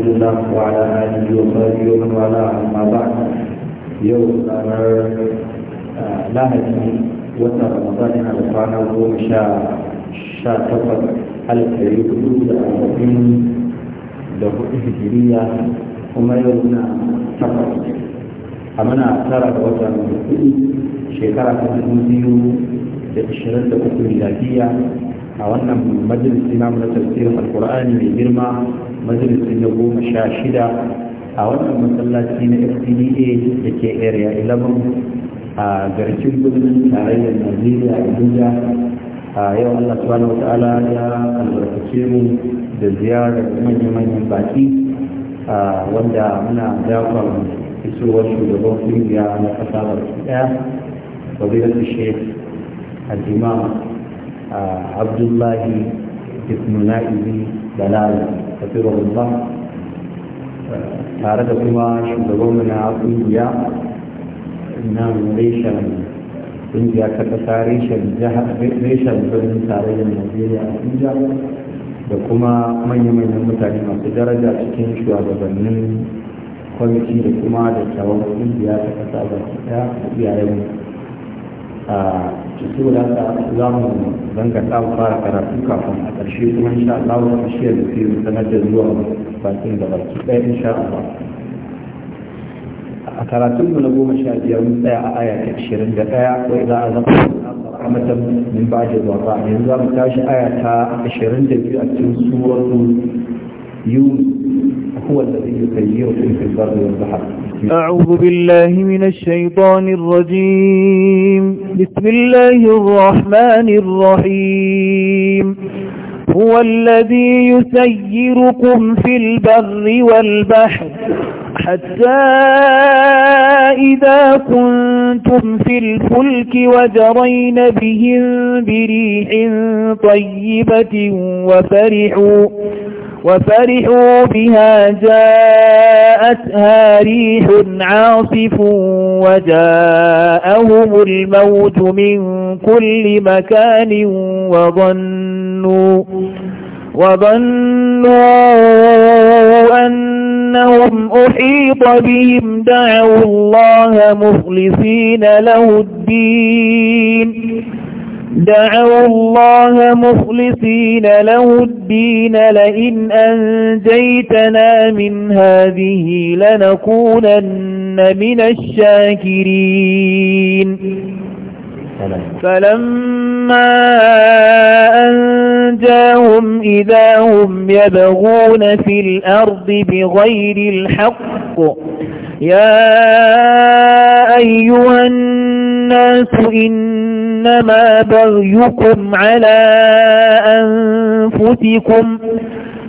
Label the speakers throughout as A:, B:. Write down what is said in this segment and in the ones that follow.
A: رسول الله وعلى آله وصحبه ومن والاه أما بعد يوم أمر لا هدي watan ramadan yana da kwana goma sha takwas halittari hudu da arba'in da hudu hijiriya kuma yau na takwas a muna tara da watan hudu shekara ta dubu biyu da ishirin da uku miladiya a wannan majalisi namu na tafsirin alkur'ani mai girma majalisi na goma sha shida a wannan masallaci na fcda da ke area 11 a garkin birnin tarayyar najeriya abuja a yau allah subhanahu wa ta'ala ya albarkace mu da ziyarar manya-manyan baki wanda muna dakon isowar shugaban kungiya na kasa baki daya wazirar shek a imam abdullahi ibn na'ibi balala hafizahullah tare da kuma shugaban na kungiya na reshen kungiya ta kasa reshen birnin tarayyar najeriya a kungiya da kuma manya-manyan mutane masu daraja cikin shugabannin kwamiti da kuma da tsawon kungiya ta kasa ba ta iyayen a cikin da ta za mu zanga ta fara karatu kafin a ƙarshe kuma insha Allah wani shiyar da ke sanar da zuwa bakin da baki ɗaya insha Allah a karatun mu na goma sha biyar mun tsaya a aya ta ashirin da ɗaya ko za a zama amatan min ba da zuwa ba yanzu za mu tashi aya ta ashirin da biyu a cikin suwar yunus هو الذي يسيركم في البر والبحر
B: أعوذ بالله من الشيطان الرجيم بسم الله الرحمن الرحيم هو الذي يسيركم في البر والبحر حتى إذا كنتم في الفلك وجرين بهم بريح طيبة وفرحوا وفرحوا بها جاءتها ريح عاصف وجاءهم الموت من كل مكان وظنوا وظنوا أنهم أحيط بهم دعوا الله مخلصين له الدين دعوا الله مخلصين له الدين لئن أنجيتنا من هذه لنكونن من الشاكرين فلما أنجاهم إذا هم يبغون في الأرض بغير الحق يا أيها الناس إنما بغيكم على أنفسكم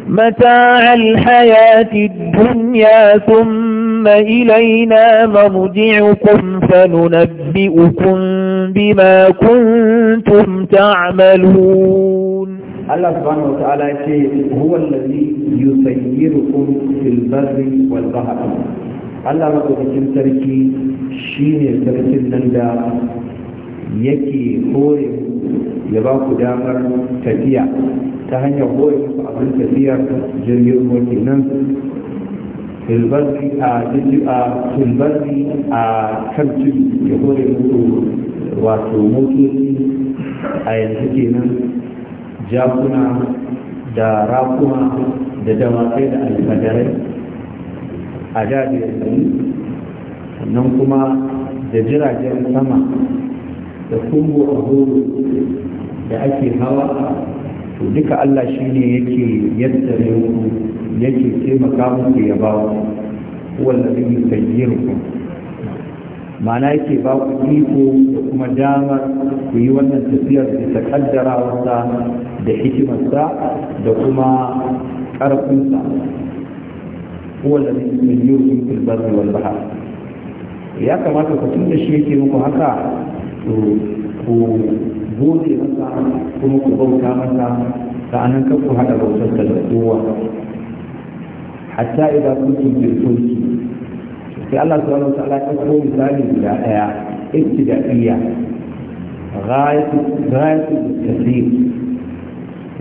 B: متاع الحياة الدنيا ثم إلينا مرجعكم فننبئكم بما كنتم تعملون
A: الله سبحانه وتعالى هو الذي
B: يسيركم
A: في البر والبحر allah maɗaukakin sarki shi ne sarkin nan da yake hore ya ba ku damar tafiya ta hanyar hore musu abin tafiyar jirgin ruwa nan. filbarri a filbarri a kan ya hore mutu, wato motoci a yanzu kenan jakuna da rakuma da dawakai da alfadarai a da da sannan kuma da jiragen sama da kumbu a goro da ake hawa to duka Allah shi ne yake yadda ne yake taimaka muku ya ba ku wallafi yusayyirukum mana yake ba ku iko da kuma damar ku yi wannan tafiyar da ta wasa da hikimarsa da kuma ƙarfinsa هو الذي يسميكم في البر والبحر ya kamata ku tun da shi yake muku haka ku gode masa kuma ku bauta masa sa'anan kan ku haɗa bautarsa da kowa hatta idan kuntum bil fulki Allah subhanahu misali guda daya ibtidaiya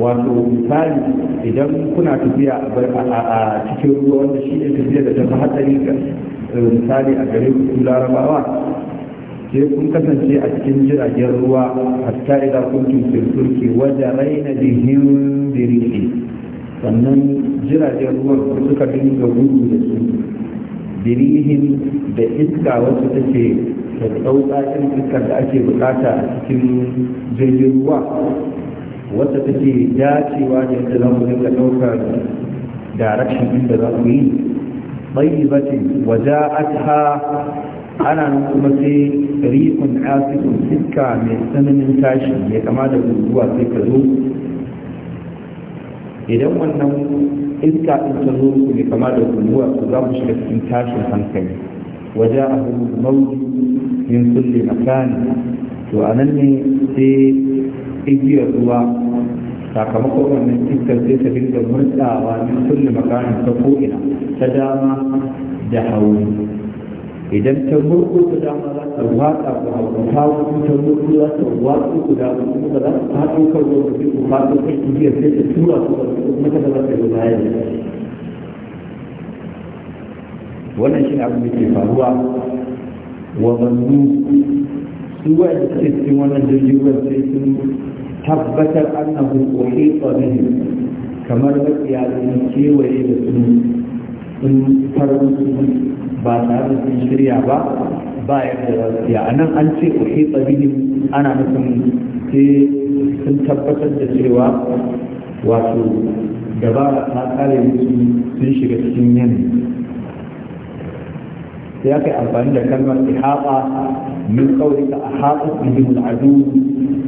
A: wato misali idan kuna tafiya a cikin ruwa wanda shi ne tafiya da tafi hatsari ga eh, misali a gare ku larabawa sai kun kasance a cikin jiragen ruwa a idan kun tuntun turki wajen raina bihin biriki sannan jiragen ruwan suka dinga gudu da su birihin da iska wacce take da tsautsatsin iskar da ake bukata a cikin jirgin ruwa wacce take dacewa da yadda za mu dinga ɗaukar direction inda za mu yi tsayibatin waja'atha ana nan kuma sai rikun asikun iska mai tsananin tashi ya kama da guguwa sai ka zo idan wannan iska ɗin ta zo su mai kama da guguwa su za mu shiga cikin tashin hankali waje a hannun mauji min kulle makani to a nan ne sai igiyar ruwa sakamakon wannan iskar sai ta dinga murtsawa min kulli makarin ta ko'ina ta dama da hauni idan ta murko ta dama za ta watsa ku hagu ta wuce ta murko za ta watsa ku dama kuma da za ta faɗo kan wanda sai ku faɗo kan igiyar sai ta tura ku da kuma ta za ta yi baya wannan shi abin da ke faruwa wa mannu su da suke cikin wannan jirgin ruwan sai sun tabbatar annahu uhita bihi kamar ya sun kewaye da su sun su ba tare da sun shirya ba ba yadda da su anan an ce uhita bihi ana nufin sai sun tabbatar da cewa wato dabara ta kare musu sun shiga cikin yanayi sai aka yi amfani da kalmar ihaba min kauri ka ahaba bihim al'adu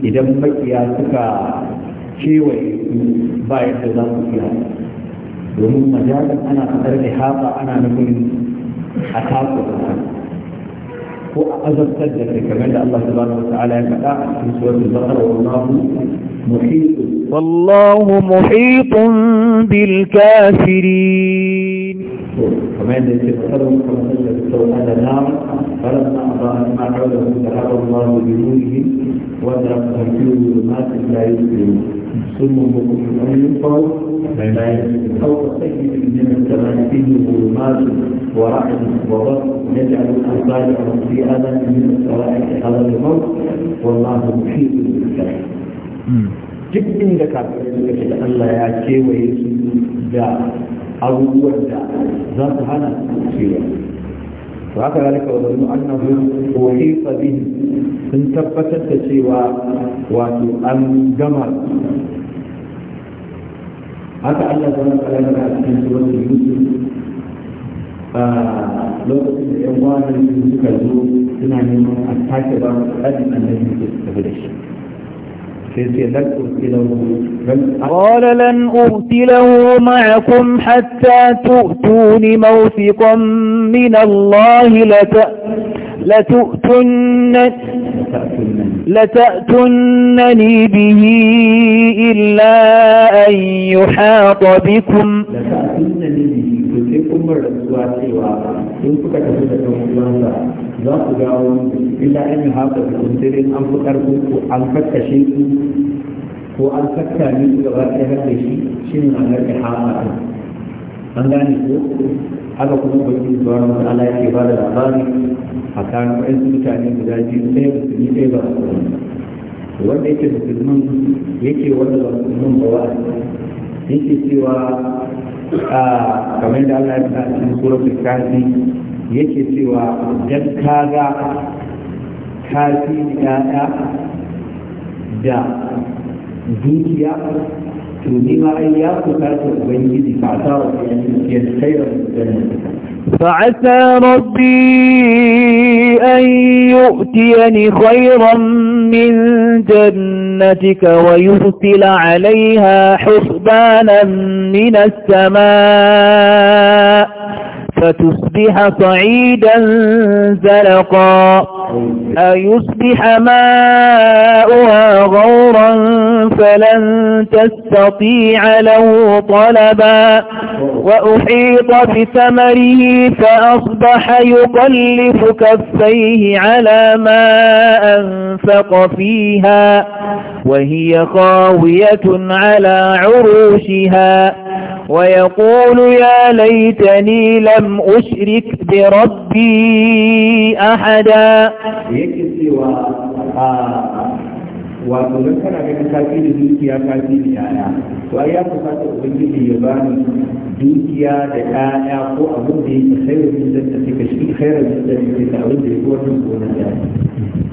A: idan makiya suka kewaye bayan da za su iya domin majalis ana fitar ihaba ana nufin a takura ko a azabtar da kai kamar da Allah subhanahu wa ta'ala ya faɗa a cikin suratul baqara wallahu muhitun
B: wallahu muhitun bil kafirin
A: كما يدري فصلوا كما تشهد السوء على النار فلما أضاءت ما حوله ذهب الله بنورهم وذهبهم في ظلمات لا يسلمون ثم بكم من فوق لا يبصرون فوق سيد من السماء فيه ظلمات ورعد وبر يجعل أصابعهم في آذان من السرائح على الموت والله محيط بالكافرين duk inda kafirai suka ce Allah ya kewaye su da abubuwan da za su hana cewa haka zalika wa zannu annahu uhita bihi sun tabbatar da cewa wato an gama haka Allah zama kalama a cikin suratul yusuf lokacin da yan wani suka zo suna neman a take ba su ɗan annabi da su tafi da shi
B: قال لن أرسله معكم حتى تؤتون موثقا من الله لتأتنني به إلا أن يحاط بكم
A: لتأتنني به za ku dawo illa in haka da kuntirin an fi ƙarfin ku an kakkashe ku ko an fatta ni ku gaba ɗaya har da shi shi ne an rage haka an gane ko haka kuma bakin zuwa wata ala yake ba da labari a kan ƙwayan mutane guda biyu ɗaya musulmi ɗaya ba su wanda yake musulmin yake wanda ba musulmin ba wa yake cewa ah, kamar da Allah ya ta cikin suratul kafi yake cewa dan kaga kafi ya'ya da dukiya to ni ma ai ya kuka ta ubangiji fa ta rabbi an khairu
B: فعسى ربي أن يؤتيني خيرا من جنتك ويرسل عليها حسبانا من السماء فتصبح صعيدا زلقا أيصبح ماؤها غورا فلن تستطيع له طلبا وأحيط بثمره فأصبح يقلب كفيه على ما أنفق فيها وهي خاوية على عروشها ويقول يا ليتني لم أشرك بربي أحدا
A: wato don kana ganin kafi da dukiya kafi da yaya to ai ya fusata ubangiji ya bani dukiya da yaya ko abin da yake khairar jindan da suka shi khairar jindan da suka abin da yake wannan gona da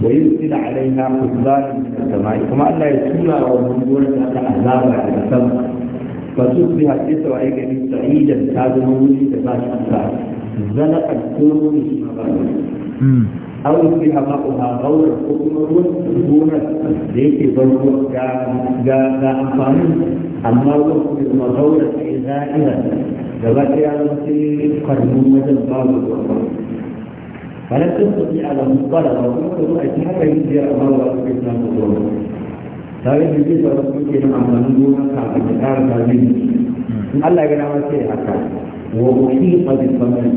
A: wa yusila alaiha hudban min as-sama'i kuma Allah ya tura wa wannan gona ta azaba daga sama فتصبح تسعى أيك سعيدا تازم ولي تباش الكون في كون أو يصبح ماؤها غور الحكم دون ليس ضرب جاء أنفاني أما يصبح غورا إذائها لذلك يا رسول قرنون الباب فلا تستطيع على مطلب وكنت رؤيتها فهي الله وكنت tare da jin da wasu suke nan amfanin gona kafin da ƙara sami in Allah ya gana ma sai haka wa uhi fadil fadil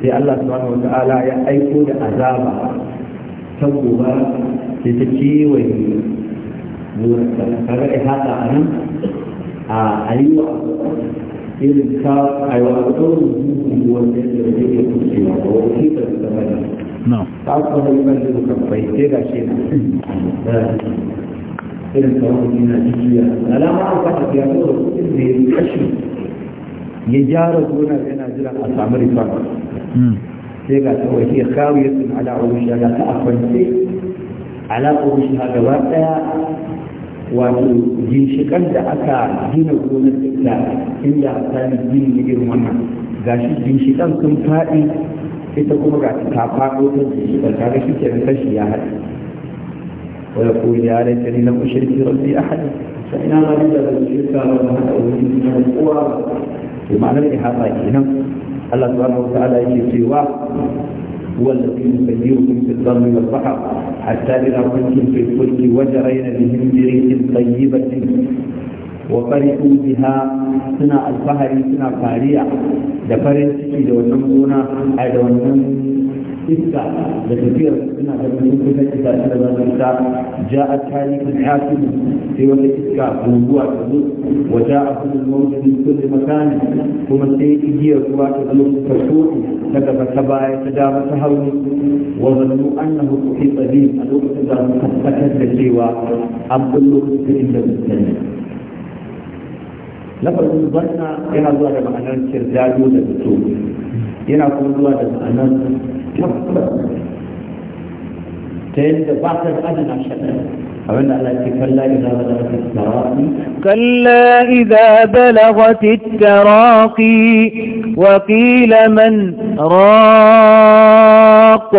A: sai Allah subhanahu wata'ala ya aiko da azaba ta gobe sai ta kewaye gorarsa kaga ihata a nan a ayyuwa irin ka aiwatar da wanda ya ke kusurwa ba wa uhi fadil fadil ta kuma sai na alama ya da ya kashe ya gyara gona yana jira a samu rifan sai ga kawai ya kawo ya sun ala urushi ga ta akwance ala urushi ha gaba ɗaya wato ginshikan da aka gina gonar da inda a sami gini irin wannan gashi ginshikan sun faɗi ita kuma ga ta faɗo ta jiki da kaga shi kenan kashi ya haɗe wa yaqulu ya laitani lam ushrik bi rabbi ahad fa ina ma bida da shirka wa ma hada wa ina kuwa to ma'anar ihata kenan Allah subhanahu wa ta'ala yake cewa هو الذي في البر والبحر حتى إذا كنتم في الفلك وجرين بهم بريح طيبة wa farihu biha suna alfahari suna fariya da farin ciki da wannan gona a da wannan iska da tafiyar suna da wani kusa iska da za su ta ja a tarihin hakim sai wani iska guguwa ta zo wa ja a kudin mawucin kulle makani kuma sai igiyar ruwa ta zo ta koɗi ta gaba ta baya ta dama ta hauni wa zannu annahu kuhi tsabi a lokacin da mu tabbatar da cewa an bullo kusurin da mutane lafazin zanna yana zuwa da ma'anar kirdado da fito yana kuma zuwa da ma'anar tabbas ta yadda ba ka da adana shaɗa كلا إذا بلغت التراقي
B: كلا إذا بلغت التراقي وقيل من راق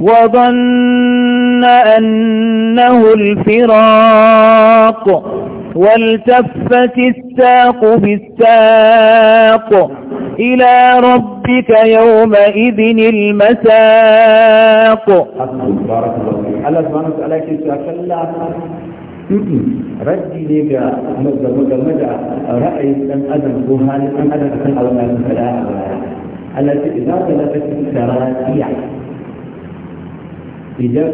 B: وظن أنه الفراق والتفت الساق بالساق إلى ربك يومئذ المساق
A: بارك الله فيك
B: الله سبحانه وتعالى كلا تكن ردي
A: لك مدى مدى مدى رأي أن أدم على ما التي إذا بلغت السراسية إذا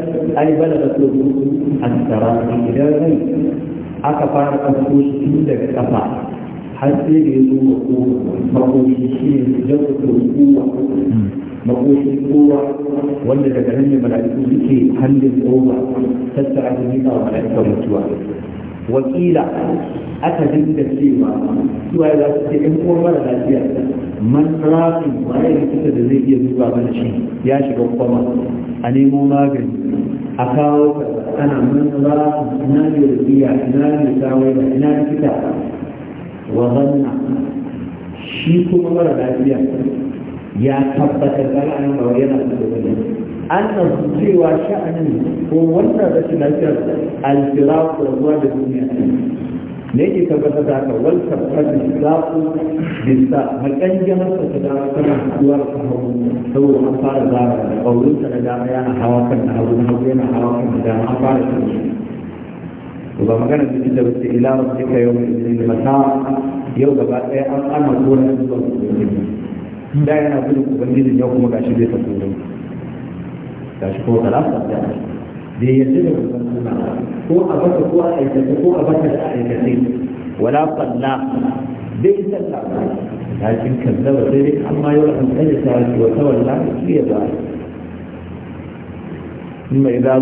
A: أي بلغت السراسية إذا aka fara ɗauko shi tun daga ƙasa har sai da ya zo makoshi shi ne jawo kowa makoshi kowa wanda daga nan ne mala'iku suke hannun kowa tattara ta nika wa mala'ikar mutuwa wakila aka dinga cewa zuwa ya zasu ce in uwar mara lafiya man rafi waye likita da zai iya zuwa mana shi ya shiga kwama a nemo magani a kawo ka ana man rafi ina ne rubiya ina ne tawaida ina likita wa zanna shi kuma mara lafiya ya tabbatar da al'amuran yana da An na cewa sha'anin ko wannan rashin lafiyar alfiraku ruwa da duniya ne ke tabbata da ka wal tabbata zaku bisa makanjan sa ta da kana zuwa ka hawo saboda an fara zara da kaurin ta da dama yana hawa kan da hawo na hawo yana hawa kan da an fara ta to ba magana da ita ba ila rabbika yawmin idin mata yau gaba ɗaya an ana da zuwa da yana gudun ubangijin yau kuma gashi zai tafi wurin ga shi ko talafar da da ya ci da ko a baka ko a aikata ko a baka da aikace wala falla bai sallah lakin kazzaba sai dai amma yau an tsaye ta wa tawalla shi ya ba ثم إذا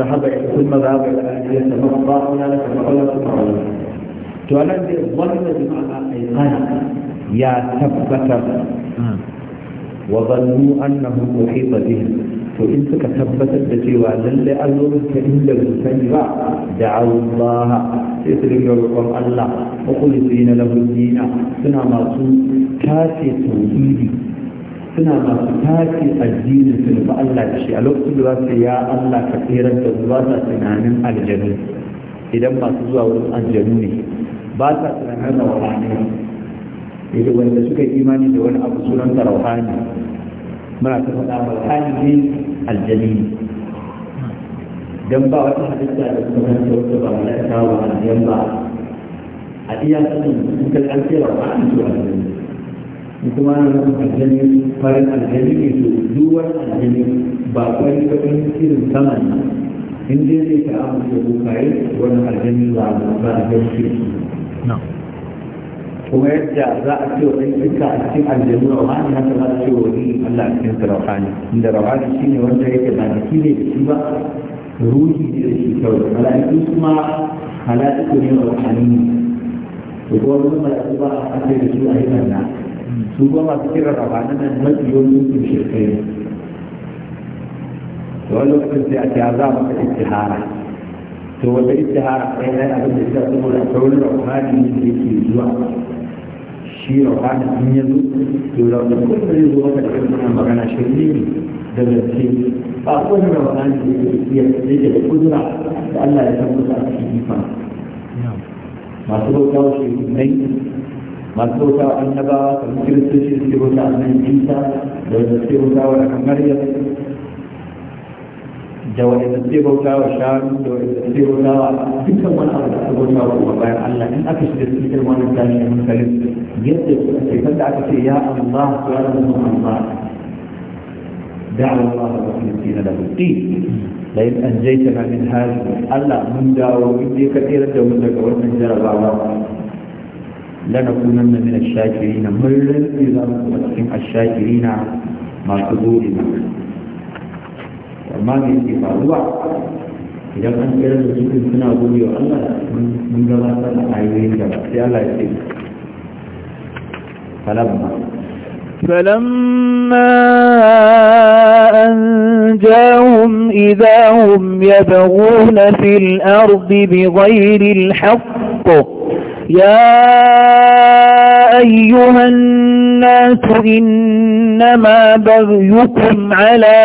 A: ذهب ثم ذهب إلى أهله يتفقى هنا لك فقال ثم تعلم ظن بمعنى أيقان يا تبتر وظنوا أنه أحيط بهم to in suka tabbatar da cewa lalle an zo ta inda ba sani ba da Allah sai su dinga roƙon Allah mukhlisina lahu dina suna masu tace tauhidi suna masu tace addinin su ba Allah da shi a lokacin da za su ya Allah ka tsirar da ba sa tunanin aljanu idan masu zuwa wurin aljanu ne ba sa tunanin rawani ne wanda suka imani da wani abu sunan rawani muna ta faɗa rawani ne aljani don ba wata halitta da kuma nan da wata ba malaka wa aljan ba a iya sanin sun kai ba an zuwa aljani in kuma na nan aljani farin aljani ne to duwar aljani ba kwai kwaɗin irin saman nan in dai ta amince da bukaye wani aljani ba a gani ke kuma yadda za a ce wa iska a cikin aljanu rauhani haka za a ce wa ɗin Allah a cikin rauhani inda rauhani ne wanda yake ba shi ne da shi ba ruhi ne da shi kawai mala'iku kuma hala'iku ne rauhani ne to kuma wani mala'iku ba a ce da su a yi nan su kuma masu kira rauhani nan mafi yawan yankin shirkai ne to wani lokacin sai a ce a za maka istihara to wata istihara ɗaya ɗaya abin da ita sa saboda kawai wani rauhani ne da yake zuwa shi rawa da an ya zo yau da kullum zai zo maka da irin magana shirme ne da gaske ba kowane rawa ne da yake da kudura da Allah ya san kusa a cikin ifa masu bauta wa shirmai masu bauta annabawa kamar kiristoci suke bauta a nan isa da wanda suke bauta wa kamar maryam da wanda suke bauta wa shanu da wanda suke bauta wa dukkan wani abu da aka bauta wa kuma bayan Allah in aka shiga cikin wani tashi na hankalin yadda suke kan da aka ce ya Allah ya rabu Allah دعوا الله مخلصين له الدين لئن أنجيتنا من هذه ألا من دعوا بدي كثيرا ومن ذاك ومن جرب لنكونن من الشاكرين مرة إذا كنتم الشاكرين مع قبولنا amma me ke faruwa idan an kira da cikin suna gode wa Allah mun gabatar da ayoyin da sai Allah ya ce falamma
B: فلما أنجاهم إذا هم يبغون في الأرض بغير الحق يا أيها الناس إنما بغيكم على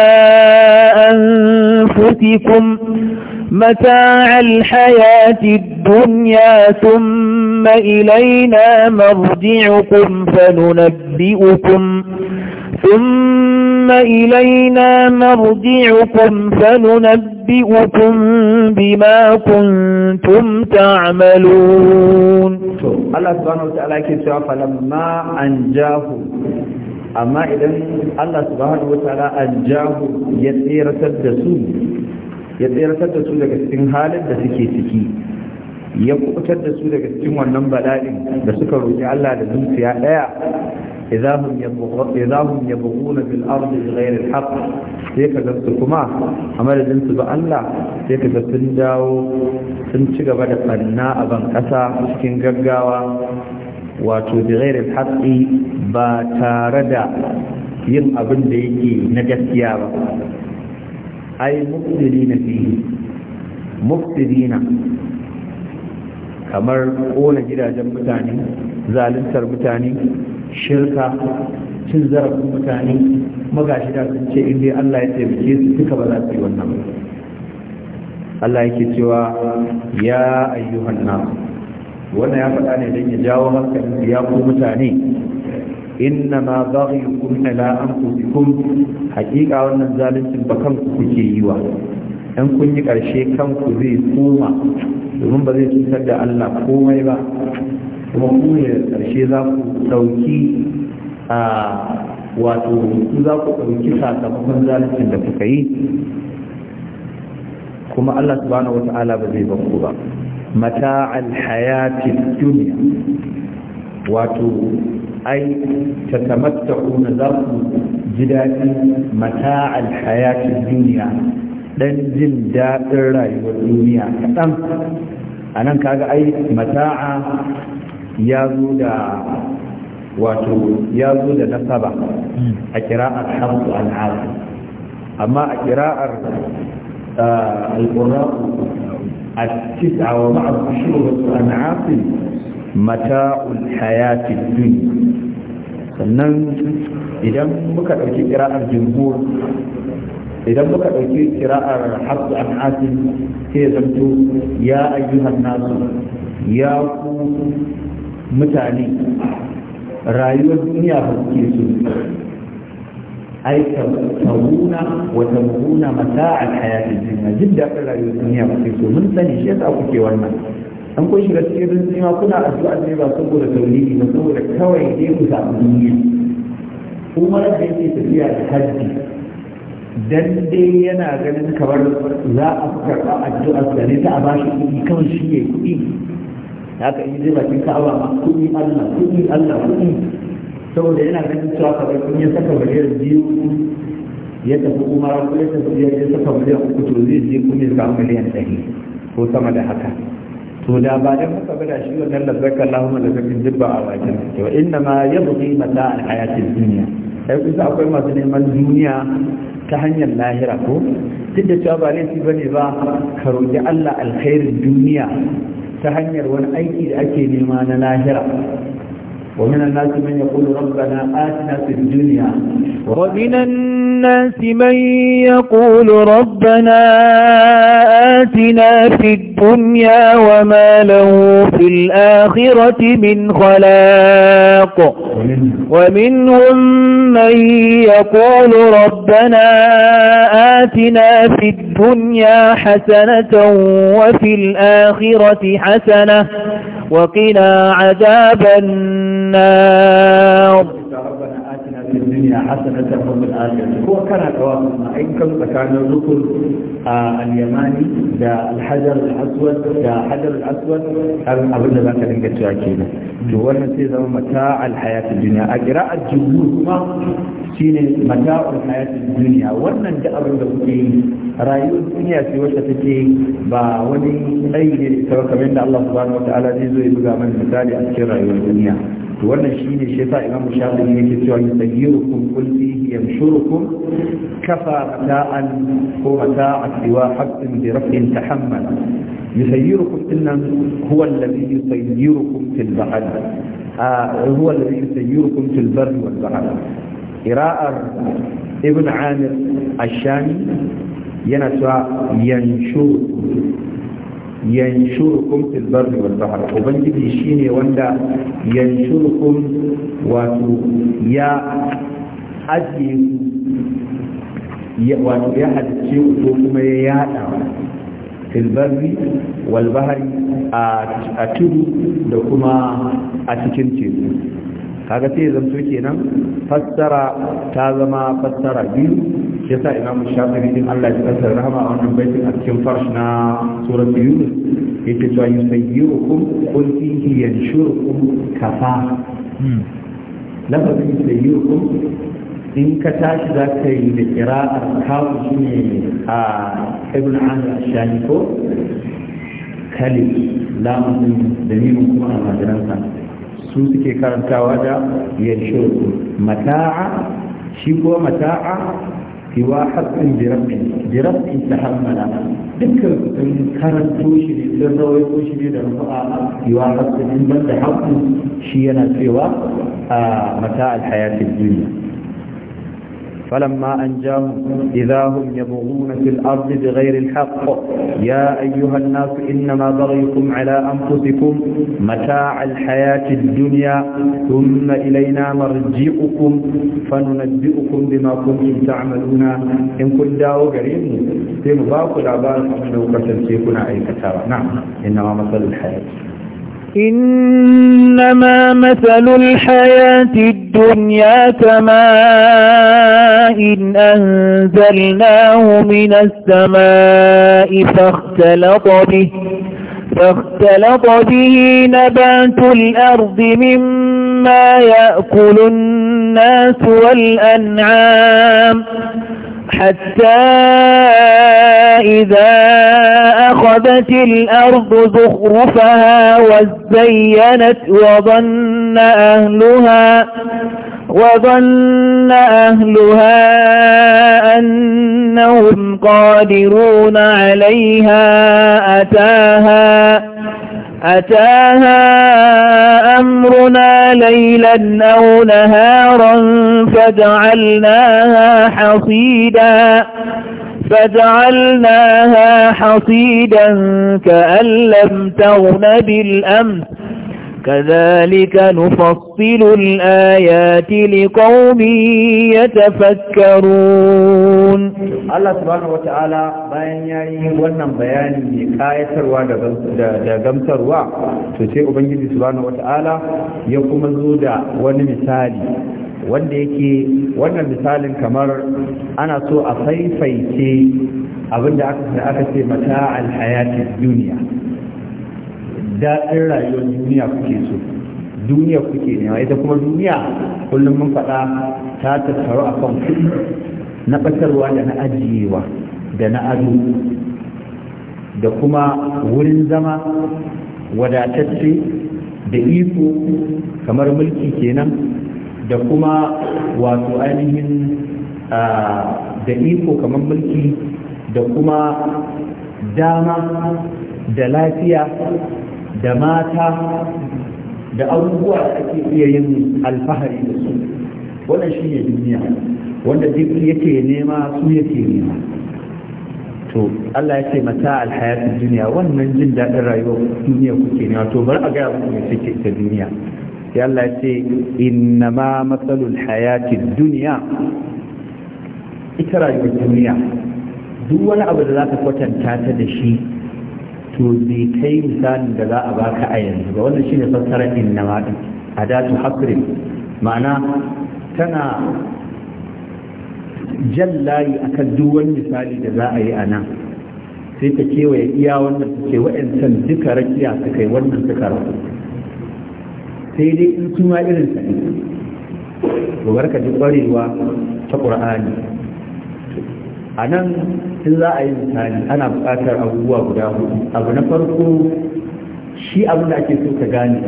B: أنفسكم متاع الحياة الدنيا ثم إلينا مرجعكم فننبئكم ثم ثم إلينا مرجعكم فننبئكم بما كنتم تعملون الله سبحانه وتعالى كتاب فلما أنجاه
A: أما إذن الله سبحانه وتعالى أنجاه يتير تدسو يتير تدسو لك استنهال دسكي سكي ya kubutar da su daga cikin wannan bala'in da suka roƙi Allah da zuciya ɗaya idza hum yabghun idza hum fil ardi bighayr sai ka ga su kuma a madadin su ba Allah sai ka ga sun dawo sun ci gaba da banna a ban kasa cikin gaggawa wato bighayr al haqqi ba tare da yin abin da yake na gaskiya ba ai mufsidina fihi mufsidina kamar kona gidajen mutane zaluntar mutane shirka cin zarafin mutane magashi da sun ce inda Allah ya taimake su duka ba za su yi wannan Allah yake cewa ya ayyuhan nas wannan ya faɗa ne don ya jawo hankalin ya ku mutane inna ma baghyukum ala anfusikum haƙiƙa wannan zaluncin ba kanku kuke yi wa dan kun yi ƙarshe kanku zai koma domin ba zai cutar da Allah komai ba kuma ku karshe za ku ɗauki a wato za ku ɗauki sakamakon zaluncin da kuka yi kuma Allah subhanahu wa ta'ala ba zai banku ba mata alhayatin duniya wato ai ta tamatta kuna za ku ji daɗi mata alhayatin duniya ɗan jin daɗin rayuwar duniya kaɗan a nan kaga ai mata'a ya zo da wato ya zo da nasaba a kira'ar hamsu al'adu amma a kira'ar uh, al'ura a tisa wa ma'abu shuru al'adu mata'ul hayatin duniya sannan idan muka ɗauki kira'ar jimhur idan muka ɗauki kira'ar hasu an asin sai ya zanto ya ayyuhan nasu ya ku mutane rayuwar duniya ba ke so ai wata wa mata a hayatid dunya jin daɗin rayuwar duniya ba ke so mun sani shi yasa kuke wannan an kun shiga cikin rinsi ma kuna addu'a ne ba saboda tauhidi ba saboda kawai dai ku samu duniya kuma da yake tafiya da hajji dan dai yana ganin kamar za a karɓa addu'ar da ne ta a bashi kuɗi kawai shi ne kuɗi haka in zai bakin ka'aba ma kuɗi Allah kuɗi Allah kuɗi saboda yana ganin cewa kamar kun ya saka miliyan biyu ya tafi umara ko ya tafi ya saka miliyan uku to zai je kun ya samu miliyan ɗari ko sama da haka to da ba dan muka bada shi wannan labbaka Allahumma da kafin dubba a bakin to inna ma yabghi mata al hayatid dunya sai kusa akwai masu neman duniya ta hanyar lahira ko duk da cewa ba laifi bane ba ka roki Allah alkhairin duniya ta hanyar wani aiki da ake nema na lahira ومن الناس من يقول ربنا آتنا في
B: الدنيا ومن الناس من يقول ربنا آتنا في الدنيا وما له في الآخرة من خلاق ومنهم من يقول ربنا آتنا في الدنيا حسنة وفي الآخرة حسنة وقنا عذاب النار النار
A: cikin hasana ta fi al'adar kana kawo kuma aikin tsakanin rukun a alyamani da alhajar al'aswar da hajar al'aswar har abin da za ka dinga cewa to wannan sai zama mata alhayatun duniya a kira a jibu kuma shi ne mata duniya wannan da abin da kuke yi rayuwar duniya ce wacce take ba wani tsayi ne kamar kamar da Allah subhanahu wa ta'ala zai zo ya buga mana misali a cikin rayuwar duniya to wannan shi ne shi yasa imamu shafi ne yake cewa yin tsayi يخيركم قل فيه ينشركم كفى متاعا هو متاع سوى حق برفع تحمل يسيركم إن هو الذي يسيركم في البحر آه هو الذي يسيركم في البر والبحر قراءة ابن عامر الشامي ينسى ينشركم yanshurukum fil barri wal bahr ubangiji shine wanda yanshurukum wato ya ajiye ya wato ya hadice ko kuma ya yada fil barri wal bahri a tudu da kuma a cikin teku kaga sai zamto kenan fassara ta zama fassara biyu ya sa imamu shafiri din Allah ya kasar rahama a wannan baitin a cikin farsh na surat yunus ya ce cewa yusayyirukum qul fihi yanshurukum kafa hmm. lafazin yusayyirukum in ka tashi za ka yi da kira'ar kawo shi ne a ibn amir ashani ko kalif lamunin da nemin kuma a majiransa su suke karantawa da yanshurku mata'a shi ko mata'a واحد حق برب برب تحمل ذكر ان كانت توشي لذلك ويقوشي لذلك سوى واحد من بند حق شينا سوى آه، متاع الحياة الدنيا فلما أنجاهم إذا هم يبغون في الأرض بغير الحق يا أيها الناس إنما بغيكم على أنفسكم متاع الحياة الدنيا ثم إلينا مرجئكم فننبئكم بما كنتم تعملون إن كنت داو قريب في مضاق العبارة من وقت أي كتابة نعم إنما مثل الحياة
B: إنما مثل الحياة الدنيا كماء إن أنزلناه من السماء فاختلط به فاختلط به نبات الأرض مما يأكل الناس والأنعام حتى إذا أخذت الأرض زخرفها وزينت وظن أهلها وظن أهلها أنهم قادرون عليها أتاها أتاها أمرنا ليلا أو نهارا فجعلناها حصيدا فجعلناها حصيدا كأن لم تغن بالأمس كذلك نفصل الآيات لقوم يتفكرون الله سبحانه وتعالى bayan
A: yayi wannan bayani mai kayatarwa da gamsarwa to sai ubangiji subhanahu ya kuma zo da wani misali wanda yake wannan misalin kamar ana so a faifaice abinda aka ce mata alhayatid duniya daɗin rayuwar duniya kuke so duniya kuke nema ita kuma duniya kullum mun faɗa ta tattaru a kan kuɗi na ɓatarwa da na ajiyewa da na ado da kuma wurin zama wadatacce da iko kamar mulki kenan da kuma wato ainihin da iko kamar mulki da kuma dama da lafiya da mata da abubuwa da ake iya yin alfahari da su wannan shi ne duniya wanda duk yake nema su yake nema to Allah ya ce mata alhayatun duniya wannan jin daɗin rayuwar duniya kuke nema to bari a gaya muku mai take ita duniya sai Allah ya ce innama matsalul hayatun duniya ita rayuwar duniya duk wani abu da za ka kwatanta ta da shi to bai kai misalin da za a baka a yanzu ba wannan shine fassarar innama din adatu hasrin ma'ana tana jan layi akan duk wani misali da za a yi a nan sai ta kewaye iya wannan suke, wa'yancan duka rakiya su kai wannan suka rasu sai dai in suma irin sa ne gobar ka ji kwarewa ta ƙur'ani a nan in za a yi misali ana buƙatar abubuwa guda hudu abu na farko shi abin da ake so ka gane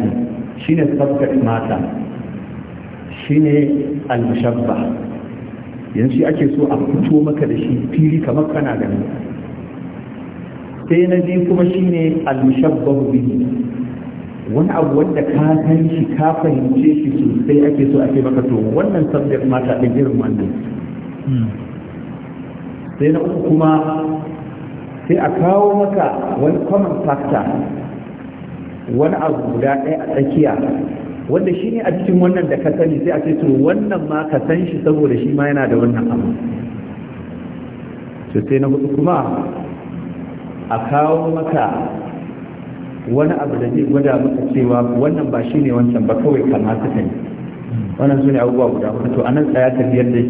A: shi ne subject mata shi ne almushabba yanzu shi ake so a fito maka da shi fili kamar kana gani sai na biyu kuma shi ne almushabba bihi wani abu wanda ka san shi ka fahimce shi sosai ake so ake maka to wannan subject mata ɗin irin wannan hmm. sai na uku kuma sai a kawo maka wani common factor wani abu guda ɗaya a tsakiya wanda shi ne a cikin wannan da ka sani sai a ce to wannan ma ka san shi saboda shi ma yana da wannan abu to sai na hudu kuma a kawo maka wani abu da zai gwada maka cewa wannan ba shi ne wancan ba kawai kamar ta ne wannan su ne abubuwa guda hudu to a nan tsaya tafiyar da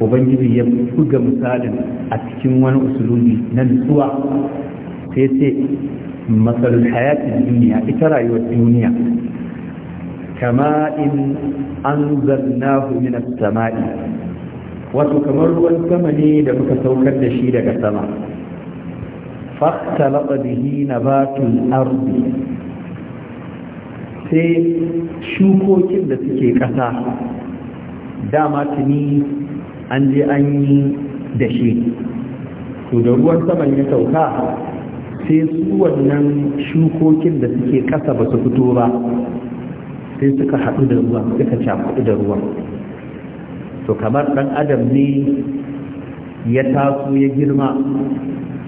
A: ubangiji ya buga misalin a cikin wani usuluni na nutsuwa sai ce matsalul hayatin duniya ita rayuwar duniya kama in an zarnahu min sama'i wato kamar ruwan sama ne da muka saukar da shi daga sama فاختلط na batun الأرض sai shukokin da suke ƙasa dama tuni an je an yi dashe to da ruwan saman ya sauka sai su wannan shukokin da suke kasa ba su fito ba sai suka haɗu da ruwan suka cakuɗu da ruwan to kamar ɗan adam ne ya taso ya girma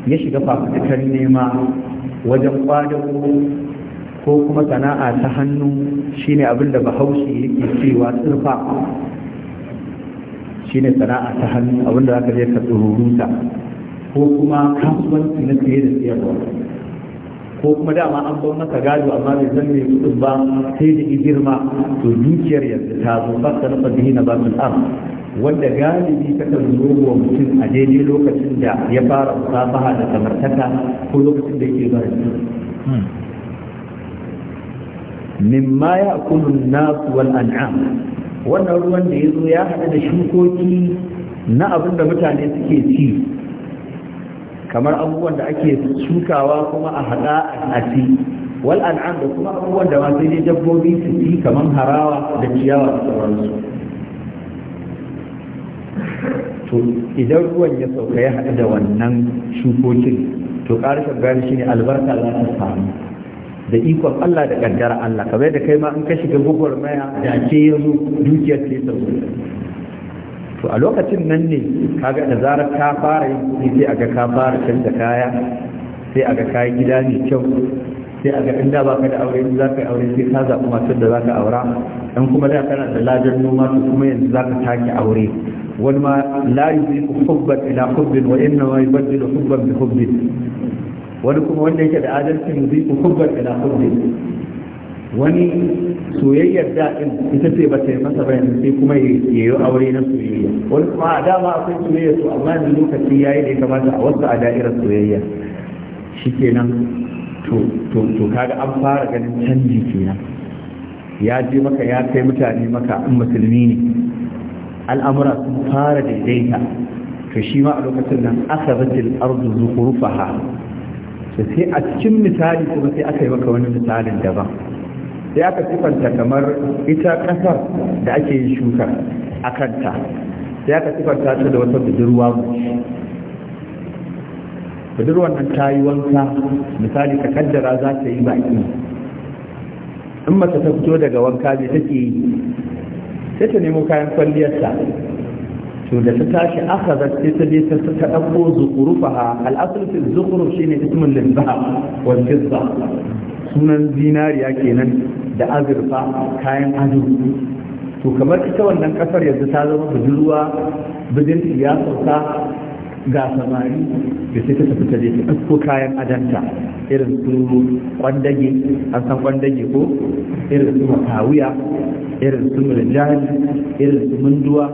A: ya shiga fafutukar nema wajen kwadago ko kuma sana'a ta hannu shine abin da bahaushe yake cewa tsirfa shine sana'a ta hannu abinda za ka je ka tsururuta ko kuma kasuwanci na saye da sayarwa ko kuma dama an bar masa gado amma bai san me kudin ba sai da girma to dukiyar yanzu ta zo fasta na fadihi na basul am wanda galibi ta kan zo mutum a daidai lokacin da ya fara musafaha da samartaka ko lokacin da yake bari hmm. mimma ya kulun nas wal an'am wannan ruwan da ya zo ya haɗu da shukoki na abin da mutane suke ci kamar abubuwan da ake shukawa kuma a haɗa a ci wal an'am da kuma abubuwan da masu ne dabbobi su ci kamar harawa da ciyawa da sauransu to idan ruwan ya sauka ya haɗu da wannan shukokin to ƙarshen gani shine albarka za ta samu da ikon Allah da kaddara Allah kamar da kai ma in ka shiga maya da ke ya zo dukiyar ce ta zo to a lokacin nan ne kaga da zarar ka fara yin yi sai aga ka fara canza kaya sai aga kayan gida mai kyau sai aga in da baka da aure za ka aure sai ka zaɓi matar da za ka aura dan kuma da kana da ladan noma to kuma yanzu za ka take aure wani ma la yuzi hubban ila hubbin wa inna ma yubaddilu hubban bi hubbin wani kuma wanda yake da adalci zai kuma hubbar ila hubbi wani soyayyar daɗin ita ce ba ta yi masa bayan sai kuma ya yi aure na soyayya wani kuma a dama akwai soyayya to amma yanzu lokaci ya yi da ya kamata a wasu a da'irar soyayya shikenan to kaga an fara ganin canji kenan ya je maka ya kai mutane maka in musulmi ne al'amura sun fara daidaita to shi ma a lokacin nan aka zace al'arzu zukurufaha da sai a cikin misali kuma sai aka yi maka wani misalin daban sai aka sifanta kamar ita ƙasar da ake yin shuka a kanta sai aka sifanta ta da wata budurwa budurwar nan ta yi wanka misali ka kaddara za ta yi baki in mace ta fito daga wanka ne take yi sai ta nemo kayan kwalliyarsa to da ta tashi aka zarce ta je ta ta ɗauko zukurufaha al'asul fi zukuruf shine ismin lilzahab wal fidda sunan zinariya kenan da azurfa kayan ado to kamar ita wannan kasar yanzu ta zama budurwa bijin ya sauka ga samari da sai ta tafi ta je ta ɗauko kayan adanta irin su kwandage an san kwandage ko irin su makawiya irin su murjani irin su munduwa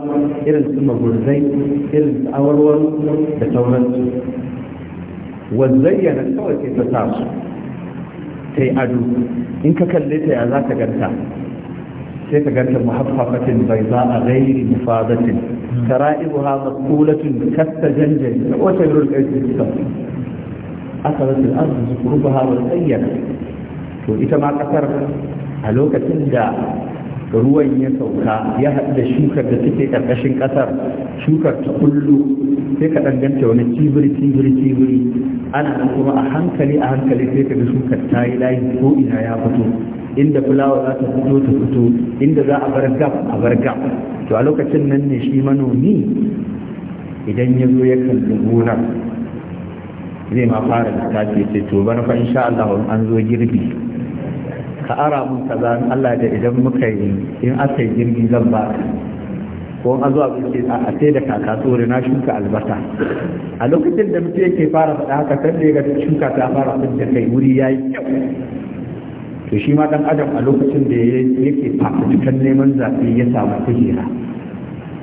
A: irin su magurzai irin su awarwaro da sauransu wazayyana kawai sai ta sa su ta yi ado in ka kalle ta ya za ka ganta sai ka ganta muhaffafatin bai za a gairi mufadatin kara'ibu ha mas'ulatin kasta janjani wata yurul kaisi suka aka rasu arzu zukurubu ha wa tsayyana to ita ma kasar a lokacin da ruwan ya sauka ya haɗu da shukar da take ƙarƙashin ƙasar shukar ta kullu sai ka danganta wani cibiri cibiri cibiri ana nan kuma a hankali a hankali sai ka ga shukar ta yi layi ko ina ya fito inda fulawa za ta fito ta fito inda za a bar gab a bar gab to a lokacin nan ne shi manomi idan ya zo ya kalli gonar zai ma fara littafi ce to bana fa insha Allah an zo girbi ka ara mun kaza Allah da idan muka yi in aka yi girbi zan ba ko an zo zuwa ce a sai da kaka tsore na shuka albasa a lokacin da mutum yake fara faɗa haka sai da shuka ta fara abin da kai wuri ya yi kyau to shi ma dan adam a lokacin da yake fafutukan neman zaɓe ya samu hijira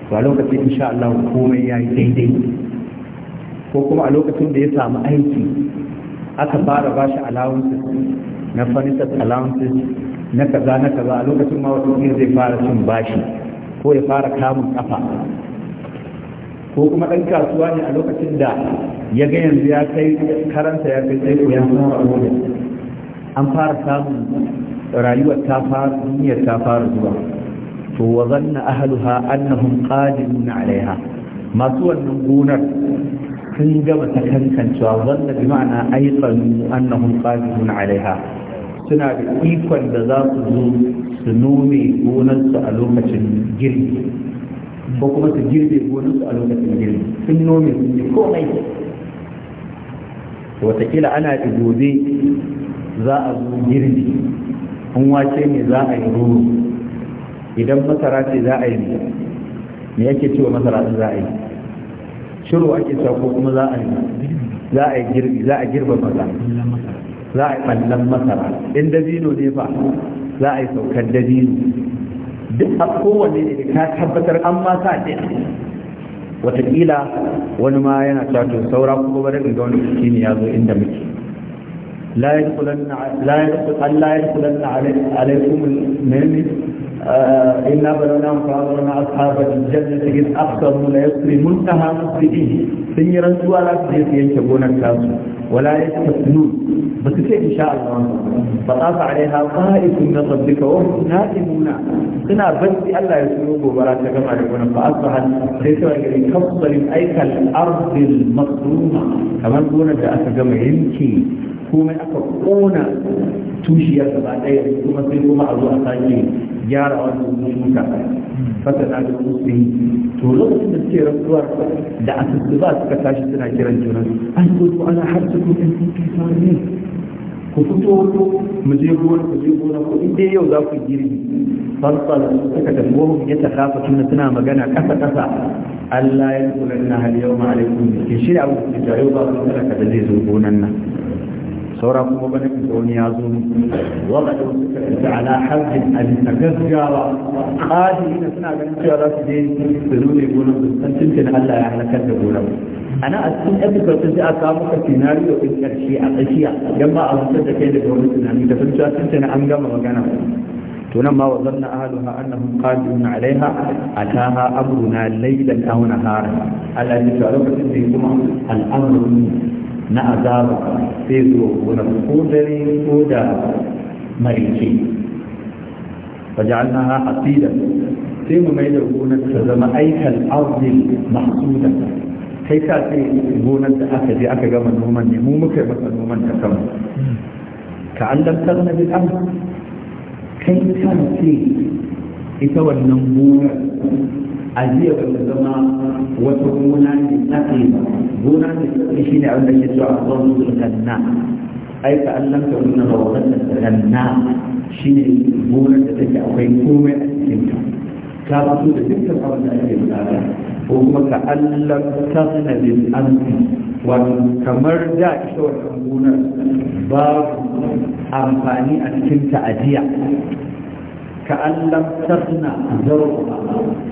A: to a lokacin insha Allah komai ya yi daidai ko kuma a lokacin da ya samu aiki aka fara bashi allowances na furnitures allowances na kaza na kaza a lokacin ma wata zai fara cin bashi ko ya fara kamun kafa ko kuma ɗan kasuwa ne a lokacin da ya ga yanzu ya kai karanta ya kai tsaiko ya fara an fara samun rayuwar ta fara duniyar ta fara zuwa to wa zanna ahluha annahum qadirun alaiha masu wannan gonar sun gama ta kankancewa zanna bi ma'ana aiqanu annahum qadirun alaiha suna da ikon da za su zo su nome gonarsu a lokacin girbi ko kuma su girbe gonarsu a lokacin girbi sun nome sun yi komai wataƙila ana da gobe za a zo girbi in wace ne za a yi ruru idan masara ce za a yi me yake cewa masara za a yi shiru ake cewa ko kuma za a yi za a yi girbi za a girba maza za a yi ɓallan masara in dabino ne fa za a yi saukar dabino duk a kowanne ne ka tabbatar an ma sa ɗaya wataƙila wani ma yana cewa to saura kuma ba daga ga wani ne ya zo inda muke لا يدخلن لا يدخل أن لا يدخلن عليكم من إنا بلوناهم فأمرنا أصحاب الجنة إذ أقسموا ليصرمنها مسرفين سيرا ولا تجد ينشبون الكاس ولا يستثنون بس إن شاء الله فطاف عليها طائف من ربك وهم نائمون سنا بس ألا يسلوك ولا تجمع لكم فأصبحت ليس وجهي كالصلب أي كالأرض المصرومة كمان قولنا بأسجم يمشي komai aka kona tushiyar gaba ɗaya kuma sai kuma a zuwa a sake gyara wannan mutunta fata na da musulmi to lokacin da suke rantsuwar da asusuba suka tashi suna kiran junan an zo ana har su kuɗin kuɗin ku fito wato mu je gona ku je gona ko in dai yau za ku girbi farsal suka tafi wahum ya takafa tunda suna magana ƙasa-ƙasa. Allah ya kula na hal yau ma alaikum ke shi abu da yau ba ku talaka kada zai zo gonan nan saura kuma bane kusa wani ya zo wanda da su karanta ala harfin alisa gaggawa ƙadi na suna ganin cewa za su je su nune gonar su san cin allah ya halakar da gonar ana a cikin episode sun aka kawo maka scenario ɗin ƙarshe a tsakiya don ba a wancan da kai daga wani tunani da sun cewa tuntun an gama magana tunan ma wazanna ahaluha annahum qadirun alaiha ataha amruna laylan aw nahara Allah ya ce a lokacin da ya kuma al'amarin. na azaba sai zo wani ko dare ko da marice فجعلناها حصيدا sai mu mai da gonar ta zama aikan arzin mahsuda kai ka ce gonar da aka je aka gama noman ne mu muka masa noman ta kama ka an dantar na bid'an kai ka ce ita wannan gonar ajiya ba ta zama wata gona ne tsaki ba gona ne tsaki shine abin da ke so a kwan na. ai ka Allah ka nuna ba wannan Shi ne gonar da take akwai komai a cikin ta ka fito da dukkan abin da ake bukata ko kuma ka Allah ta sana bil amsi wato kamar da ita wannan gonar babu amfani a cikin ta ajiya ka an lamtarna zarwa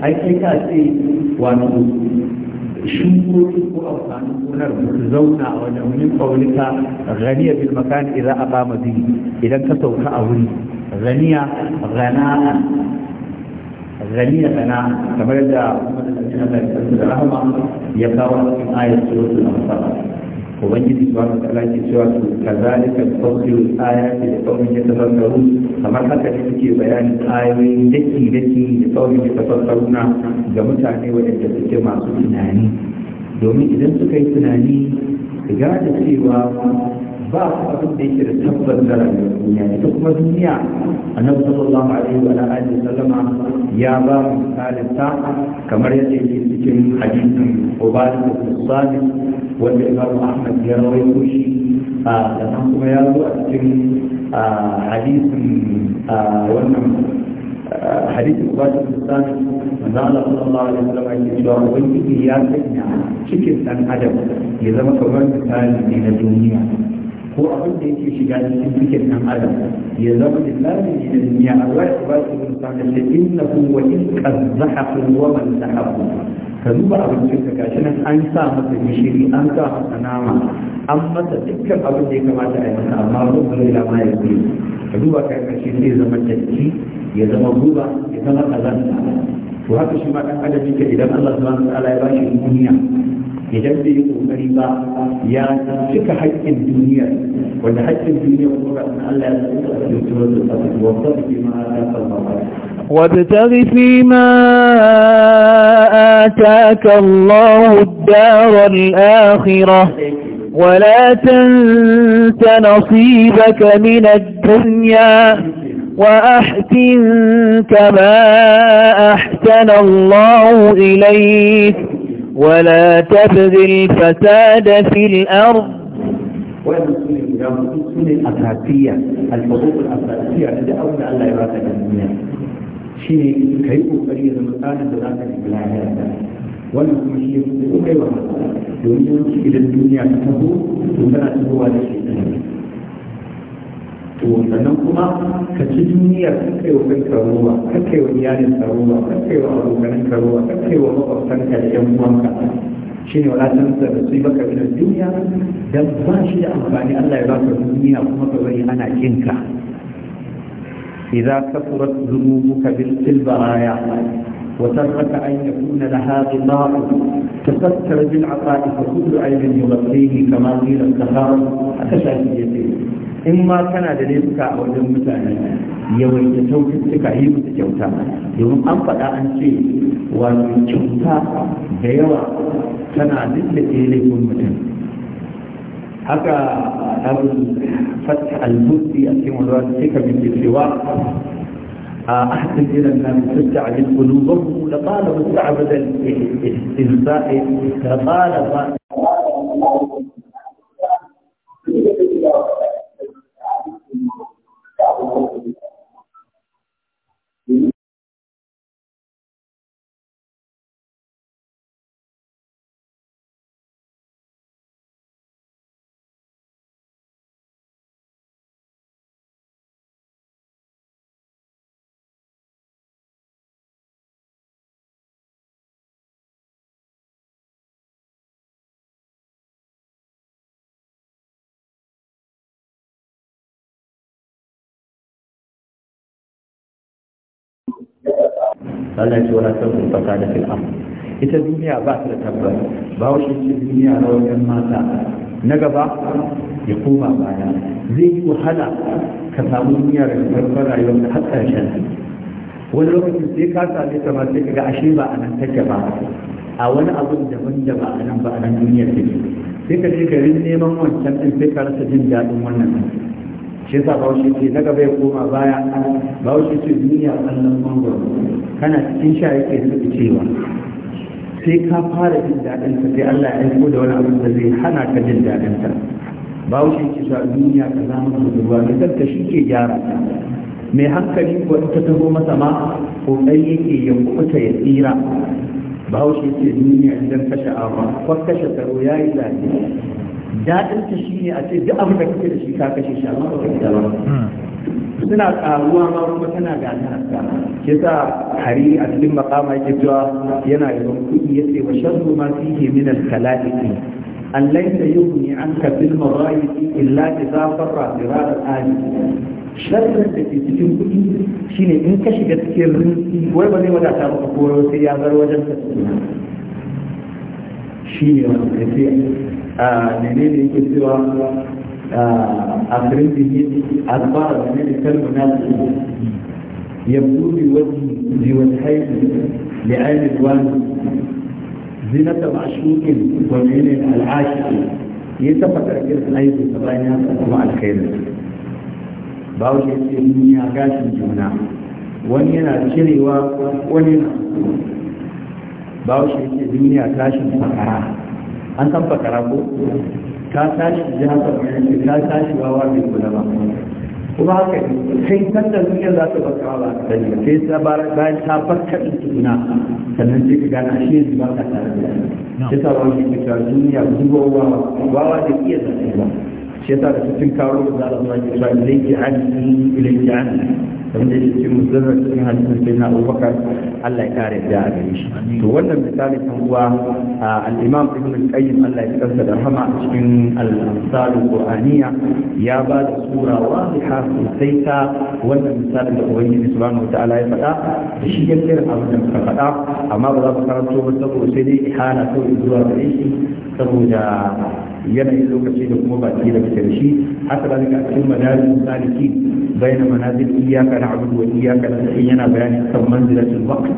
A: ai kai ka ce wato shukoki ko amfanin gonar su zauna a wajen min ƙaunika ganiya bil makan idan a ba idan ka sauka a wuri ganiya gana ganiya gana kamar yadda Allah ya rahama ya kawo cikin su ayatul amsal ubangiji subhanahu wa ta'ala ke cewa to kazalika tafsilu ayati da qaumin yatafakkarun kamar haka ne suke bayanin ayoyin daki daki da qaumin na, ga mutane waɗanda suke masu tunani domin idan suka yi tunani su da cewa ba su abin da yake da tabbas da rayuwar duniya ita kuma duniya annabi sallallahu alaihi wa alihi sallama ya ba mu misalin ta kamar yadda yake cikin hadisin ubadu da wanda imam ahmad ya rawaito shi a kasan kuma ya zo a cikin hadisin wannan hadisin ba shi sani manzo Allah sallallahu alaihi wasallam yake cewa wani ya sanya cikin dan adam ya zama kamar misali ne na duniya ko abin da yake shiga cikin cikin nan adam ya zama lillahi ne da duniya Allah ya ba su musaka ce innahu wa in qazzahakum wa man zahabu ka duba abincin ka gashi nan an sa masa gishiri an sa masa nama an masa dukkan abin da ya kamata a yi masa amma ruwan da ma ya ce ka duba kai karshe zai zama tatti ya zama guba ya zama kazanta to haka shi ma dan adam yake idan Allah subhanahu wa ta'ala ya ba bashi duniya idan bai yi kokari ba ya cika haƙƙin duniya wanda haƙƙin duniya kuma ga Allah ya tsaya da su da su fatih wa sabbi ma ta kallama
B: وابتغ فيما آتاك الله الدار الآخرة ولا تنس نصيبك من الدنيا وأحسن كما أحسن الله إليك ولا تبذل الفساد في الأرض
A: وإن سنة الأساسية الحقوق الأساسية التي أولى أن لا يراك الدنيا شيء كيف قريب المسالة ذاك الإبلاغ wannan kuma shi ne kai wa domin idan duniya ta taho to tana tahowa da shi to sannan kuma ka ci duniyar kai wa kai karuwa ka kai wa iyalin karuwa ka kai wa abokanan karuwa ka kai wa makwabtanka da yan uwanka shine wala tansa da su baka min duniya dan ba shi da amfani Allah ya baka duniya kuma ka bari ana kinka إذا كثرت ذنوبك بالبرايا وترك أن يكون لها غطاء تستر بالعطاء فكل عين يغطيه كما قيل السخار أتشاهد يديه in ma kana da laifuka a wajen mutane yawaita kyaututtuka yi musu kyauta domin an faɗa an ce wato kyauta da yawa tana lullaɓe laifin mutum haka abin fata al a cikin wani wani suka bin cewa a ahadin jiran na mutunta a bin kulubanmu da ƙala da abadar ihsa'i da ƙala ba Allah ce wala tabun fasa fil am ita duniya ba ta da tabbas ba wani cikin duniya na wajen mata na gaba ya koma baya zai yi wahala ka samu duniya daga farkon rayuwar da har ƙarshen wani lokacin sai ka same ta ma sai ka ga ashe ba a nan take ba a wani abun daban da ba a nan ba a nan duniyar take sai ka je garin neman wancan din sai ka rasa jin daɗin wannan shi sa shi ce na gaba ya koma baya shi ce duniya kallon mangoro kana cikin sha yake da cewa sai ka fara jin daɗin ta sai Allah ya aiko da wani abin da zai hana ka jin daɗin ta shi ce sa duniya ka zama da ruwa mai kanta shi ke gyara ta mai hankali ko ta taho masa ma ko ɗan yake ya kuɓuta ya tsira bahaushe ce duniya idan kashe awa ko kashe tsaro ya yi zafi daɗin ta shi ne a ce duk abin da kake da shi ka kashe shi amma ba ka ba suna karuwa ma kuma tana gana ke sa hari a cikin makama yake cewa yana yawan kuɗi ya ce wa sharru ma fihi min al-kalaiki أن ليس يغني عنك بالمضايق إلا إذا فر فرار الآن شرط التي تتم كل شيء إن كشفت كل ولا ولا ترى كل شيء على وجهك شيء يعني نريد أن نسوى أخرين في يدي أدبار من الكلمة يبدو بوجه ذي والحيث لعين الوالد zinata ma'ashukin wa menene al'ashiki ya tafa karkin aiki ta bayan ya kuma Ba bawo ya ce duniya gashin juna wani yana cirewa wani na bawo ya ce duniya tashin fakara an san fakara ko ka tashi ya haka yanzu, ka tashi wawa mai kula ba kuma haka sai sanda duniyar za ta baka ba ta sani sai ta bayan ta farka da tuna sannan sai ka gana shi yanzu ba ka tare da shi ta ba shi ta duniya dubowa ba wa da iya zai ba shi yasa da cikin karo da Allah ya ke ba ilayki anni ilayki anni kamar da yake cikin musulmar cikin hadisin sai na Abubakar Allah ya kare da a gare shi to wannan misali kan uwa al-Imam Ibn al-Qayyim Allah ya kansa da rahama a cikin al-Amsal al ya ba da sura wadiha sosai ta wannan misalin da Ubangiji subhanahu wataala ya faɗa da shi ya tsira abin da muka faɗa amma ba za mu karanto ba saboda sai dai ihana kawai zuwa gare shi saboda yanayin lokaci da kuma baki da fitar shi haka da zika cikin manazil saliki na manazil iyaka na abu wa iyaka na cikin yana bayani kan manzilatul waqt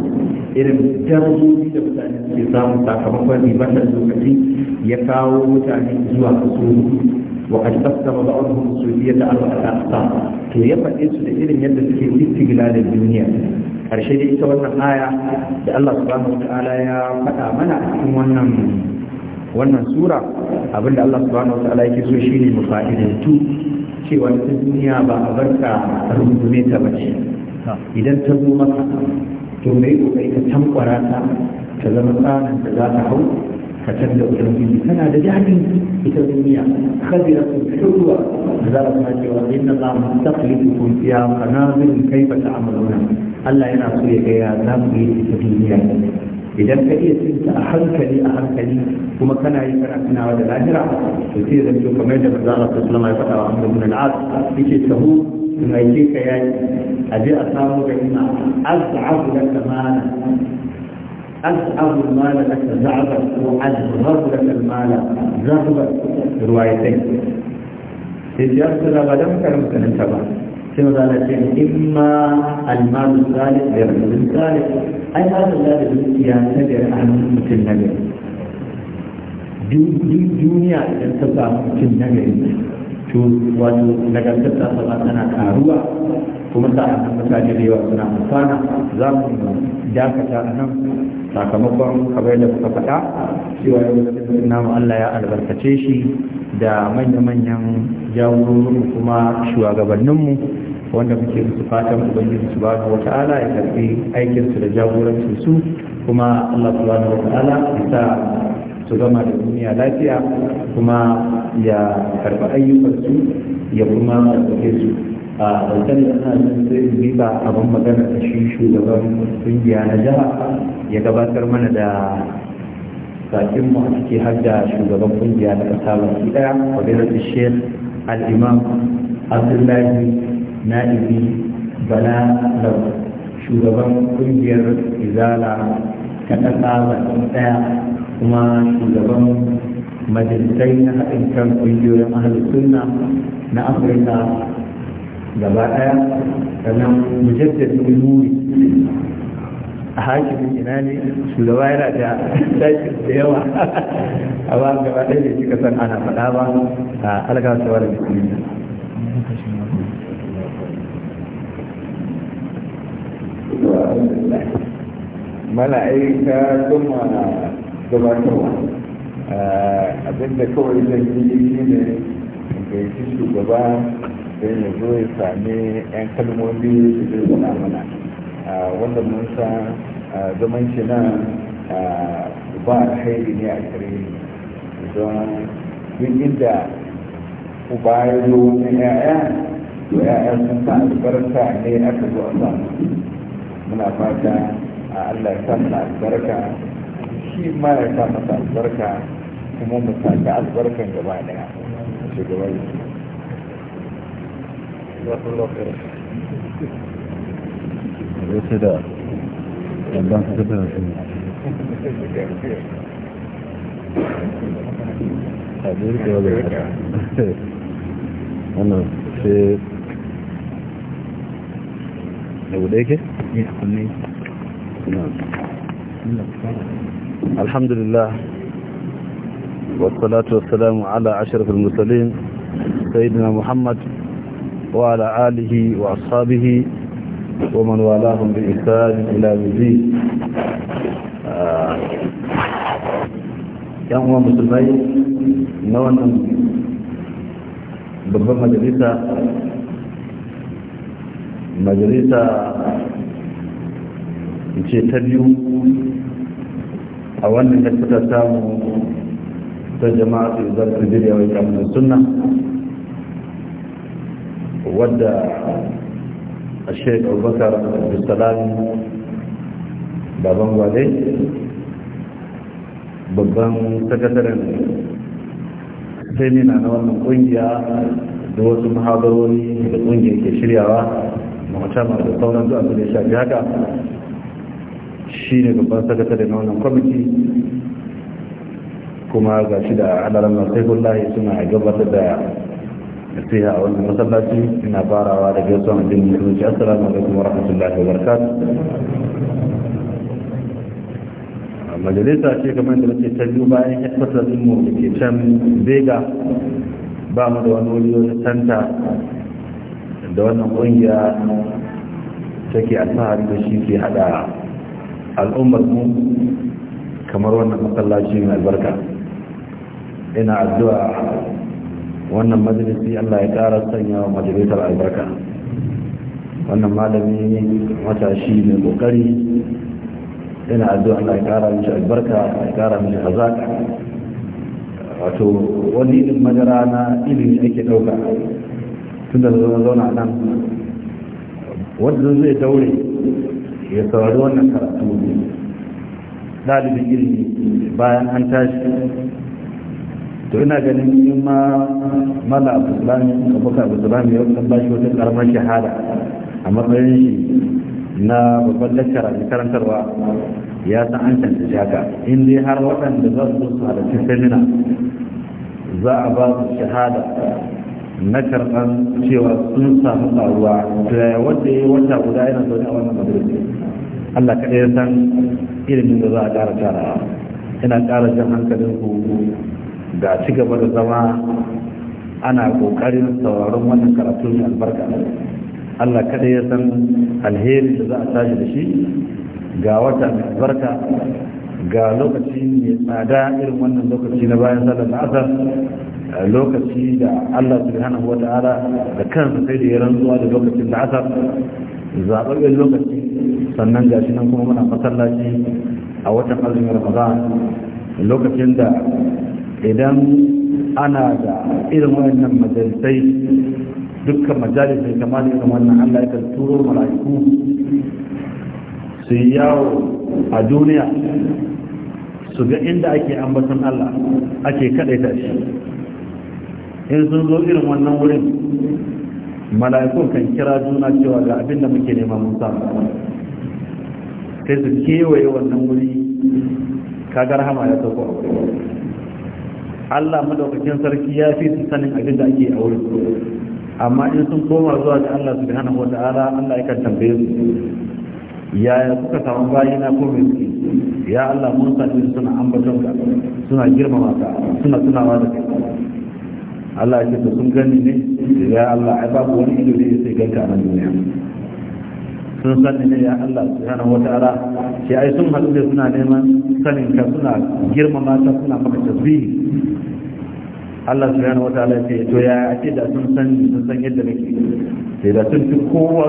A: irin darajoji da mutane suke samu sakamakon ribatar lokaci ya kawo mutane zuwa kaso وقد قسم بعضهم السعودية أربعة ta to ya faɗe su da irin yadda suke da duniya ƙarshe da ita wannan aya da Allah subhanahu wa ta'ala ya faɗa mana a cikin wannan wannan sura abinda Allah subhanahu wataala yake so shine mu fa'idantu cewa ta duniya ba a barka rungume ta bace idan ta zo maka to mai kokari ka tankwara ta ta zama tsarin da za ta hau ka canza ubangiji tana da daɗin ita duniya khazira kun shurwa da za ka cewa inna Allah mustaqlifukum kai ba ta amalauna. Allah yana so ya ga ya za mu yi ita duniya idan ka iya cin ta a hankali a hankali kuma kana yi kana tunawa da lahira to sai zan to kamar da manzo Allah sallallahu alaihi wasallam ya faɗa wa Amr ibn al-As yake tahu in aike ka yayi a je a samu ganima az'abu laka mana az'abu mala laka za'aba ko azhabu laka mala zahaba ruwayatai sai ya tsara ba dan karam sanin ta ba sai manzo Allah ya ce imma al-mal salih da al-salih ai ba su da dukiya ta da hannun mutum na gari duniya idan ta samu mutum na gari to wato nagartar ta sama tana karuwa kuma a sa'annan mutane da yawa suna amfana za mu dakata a nan sakamakon kamar da kuka faɗa cewa yau namu Allah ya albarkace shi da manya-manyan jagororinmu kuma shugabanninmu wanda muke musu fatan ubangiji wa wata'ala ya karbi aikin su da jagorancin su kuma Allah subhanahu ta'ala ya sa su gama da duniya lafiya kuma ya karɓi ayyukan su ya kuma karbi su a ɗaukar da ana nan sai in ba abin magana da shi shugaban kungiya na jiha ya gabatar mana da sakin mu a ciki har da shugaban kungiya na ƙasa baki ɗaya wadda da shi al-imam abdullahi na'ibi bala lau shugaban kungiyar izala ta ƙasa bakin ɗaya kuma shugaban majalisai na haɗin kan kungiyoyin ahalussunna na afirka gaba ɗaya sannan mujaddad nuri a hakimin ina ne shugaba yana da tashin da yawa a ba gaba ɗaya da kika san ana faɗa ba a algasawa da yi mala'aika kuma gabatarwa abinda kawai zan yi shi ne ga yi shugaba zai ya zo ya sami 'yan kalmomi da zai zana mana wanda mun sa zaman shi na ba alhairi ne a kare don yin inda uba ya zo na 'ya'ya to 'ya'ya sun sa albarka ne aka zo a samu muna fata Allah ya sa albarka shi ma ya sa masa albarka kuma mu sami albarkan gaba daya shugaban
C: da ɗan sakataren
A: su a ɗirka wadda wannan sai da guda yake? ne a kunne نعم. الحمد لله والصلاة والسلام على عشرة المرسلين سيدنا محمد وعلى آله وأصحابه ومن والاهم بإحسان إلى مزيد يا uwan musulmai نوانا wannan babban مجلسة ce ta biyu a wannan da suka samu ta jama'a su zar su jirya wai kamun suna, wadda a sheik abubakar bisalami baban gwale babban sakataren semina na wannan kungiya da wasu mahabarori da kungiyar ke shiryawa mahauta da sauran zuwa su da shafi haka shi ne babban sakatare na wannan kwamiti kuma ga shi da alalan lahi suna gabatar da nasiha a wannan masallaci ina farawa da gaisuwa a jin musulunci assalamu alaikum wa rahmatullahi wa barakat majalisa ce kamar da nake ta biyu bayan headquarters din mu da ke can vega ba mu da wani wuri wani santa da wannan kungiya take alfahari da shi ke hada al'ummar mu kamar wannan masallaci mai albarka ina addu'a wannan majalisi Allah ya ƙara sanya wa majalisar albarka wannan malami matashi mai ƙoƙari ina addu'a Allah ya ƙara mishi albarka ya ƙara mishi hazaka wato wani irin madara na ilimi ake ɗauka tun da zauna nan wanda zai daure ya saurari wannan kara ɗalibin ilimi bayan an tashi to ina ganin yin ma mala abdullahi abu abdullahi ya kan bashi wata karamar shahada a matsayin shi na babban lakcara da karantarwa ya san an canta haka in dai har waɗanda za su a cikin semina za a ba su shahada na karɓar cewa sun samu ƙaruwa da wanda ya yi wata guda yana zaune a wannan madrasa Allah kaɗai ya san ilimin da za a ƙara tarawa ina ƙara jan hankalin ku ga ci gaba da zama ana ƙoƙarin sauraron wannan karatun albarka Allah kaɗai ya san alheri da za a tashi da shi ga wata albarka ga lokaci mai tsada irin wannan lokaci na bayan sallar asar lokaci da Allah hana wata ala da kansa sai da ya rantsuwa da lokacin da asar zaɓaɓɓen lokaci sannan ga shi nan kuma muna masallaci a watan azumin ramadan lokacin da idan ana da irin wannan majalisai dukkan majalisai kamar irin wannan allah ya turo mala'iku su yi yawo a duniya su ga inda ake ambaton allah ake kaɗaita shi in sun zo irin wannan wurin mala'ikun kan kira juna cewa ga abinda muke neman musamman. sai su kewaye wannan wuri kaga rahama ya sauko a wurin Allah madaukakin sarki ya fi su sanin abin da ake a wurin amma in sun koma zuwa ga Allah subhanahu wa ta'ala Allah yakan tambaye su yaya kuka samu bayina ko me suke ya Allah mun sani suna ambaton ka suna girmama ka suna tunawa da kai Allah ya ce sun gani ne ya Allah ai babu wani ido da sai ganka a nan duniya sun sani ne ya Allah subhanahu wata'ala sai ai sun haɗu da suna neman sanin ka suna girmama ta suna maka tasbihi Allah subhanahu wata'ala ce to ya ake da sun sani sun san yadda nake sai da sun fi kowa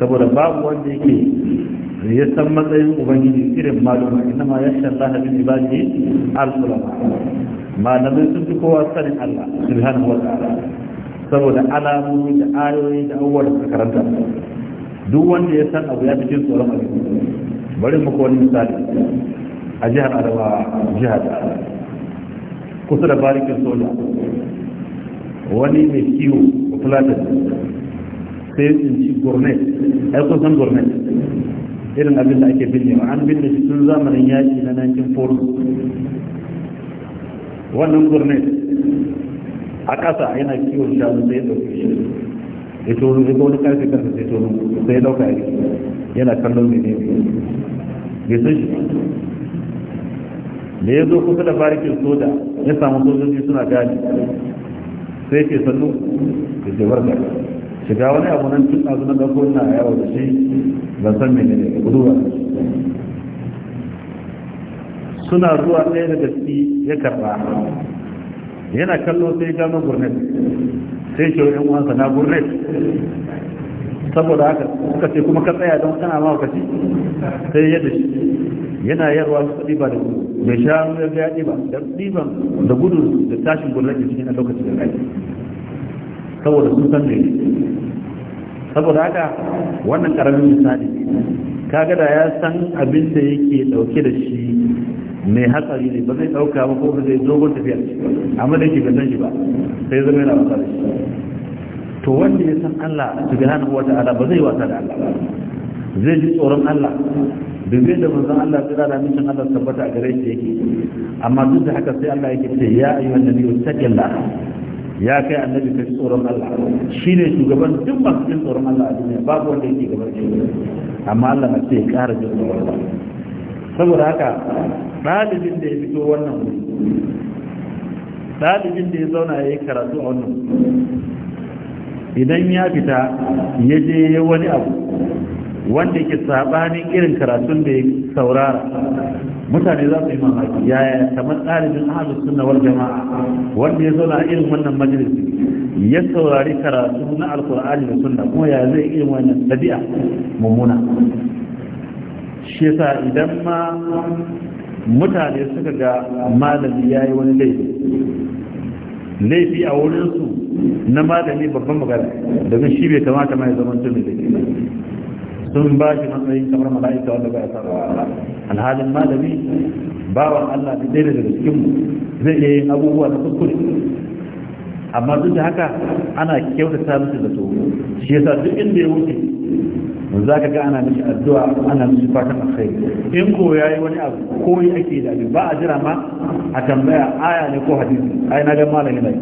A: saboda babu wanda yake ya san matsayin ubangiji irin maluma inna ma yasha Allah min ibadihi al-ulama nan sun fi kowa sanin Allah subhanahu ta'ala saboda alamomi da ayoyi da abubuwa da karanta duk wanda ya san abu ya fi cin tsoron abu bari ko wani misali a jihar arewa jihar kusa da barikin soja wani mai kiwo a platin sai ya tsinci gourmet ai kun san gourmet irin abin da ake binne an binne shi tun zamanin yaƙi na 1940 wannan gourmet a ƙasa yana kiwon shanu sai ya ɗauke shi ya tono ya wani karfe karfe sai tono sai ya ɗauka yake yana kallon mai ne bai san shi da ya zo kusa da barikin soja ya samu sojoji suna gani sai ke sannu da ke barka shiga wani abu nan cin azu na ɗauko na yawo da shi ban san mai ne guduwa suna zuwa ɗaya daga ciki ya karɓa yana kallo sai gano gurnet sai ce 'yan uwansa na gurnet saboda haka suka ce kuma ka tsaya don kana ma kaci sai yadda shi yana yarwa su ɗiba da gudu mai sha ga ya ɗiba da ɗiban da gudu da tashin gurnet da cikin a lokacin da kai saboda sun san ne saboda haka wannan karamin misali kaga da ya san abin da yake dauke da shi mai hatsari ne ba zai dauka ba ko ba zai dogon tafiya amma da ke gasan shi ba sai zama yana wasa da shi to wanda ya san Allah subhanahu wa ta'ala ba zai wasa da Allah ba zai ji tsoron Allah zai da manzon Allah sai da mincin Allah tabbata a gare shi yake amma duk da haka sai Allah yake ce ya ayyuhan nabiyyu taqillah ya kai annabi ka tsoron Allah shi ne shugaban duk masu jin tsoron Allah a duniya babu wanda yake gaban shi amma Allah na ce ya ƙara jin tsoron Allah saboda haka ɗalibin da ya fito wannan wuri ɗalibin da ya zauna ya yi karatu a wannan idan ya fita ya je wani abu wanda ke sabanin irin karatun da ya saurara mutane za su yi mamaki yaya kamar ɗalibin ahalus Suna wal jama'a wanda ya zauna irin wannan majalis ya saurari karatu na alkur'ani da sunna kuma ya zai irin wannan ɗabi'a mummuna shi yasa idan ma mutane suka ga malami ya yi wani laifi laifi a wurinsu na malami babban magana domin shi bai kamata mai ya zama tumi da sun ba shi matsayin kamar mala'ika wanda ba a sarrafa alhalin malami bawan Allah da ɗaya daga cikin zai iya yin abubuwa na kuskure amma duk da haka ana kyautata musu da su shi yasa duk inda ya wuce za ka ga ana mishi addu'a ana mishi fatan alkhairi in ko ya yi wani abu ko yi ake da ba a jira ma a tambaya aya ne ko hadisi ai na ga malami ne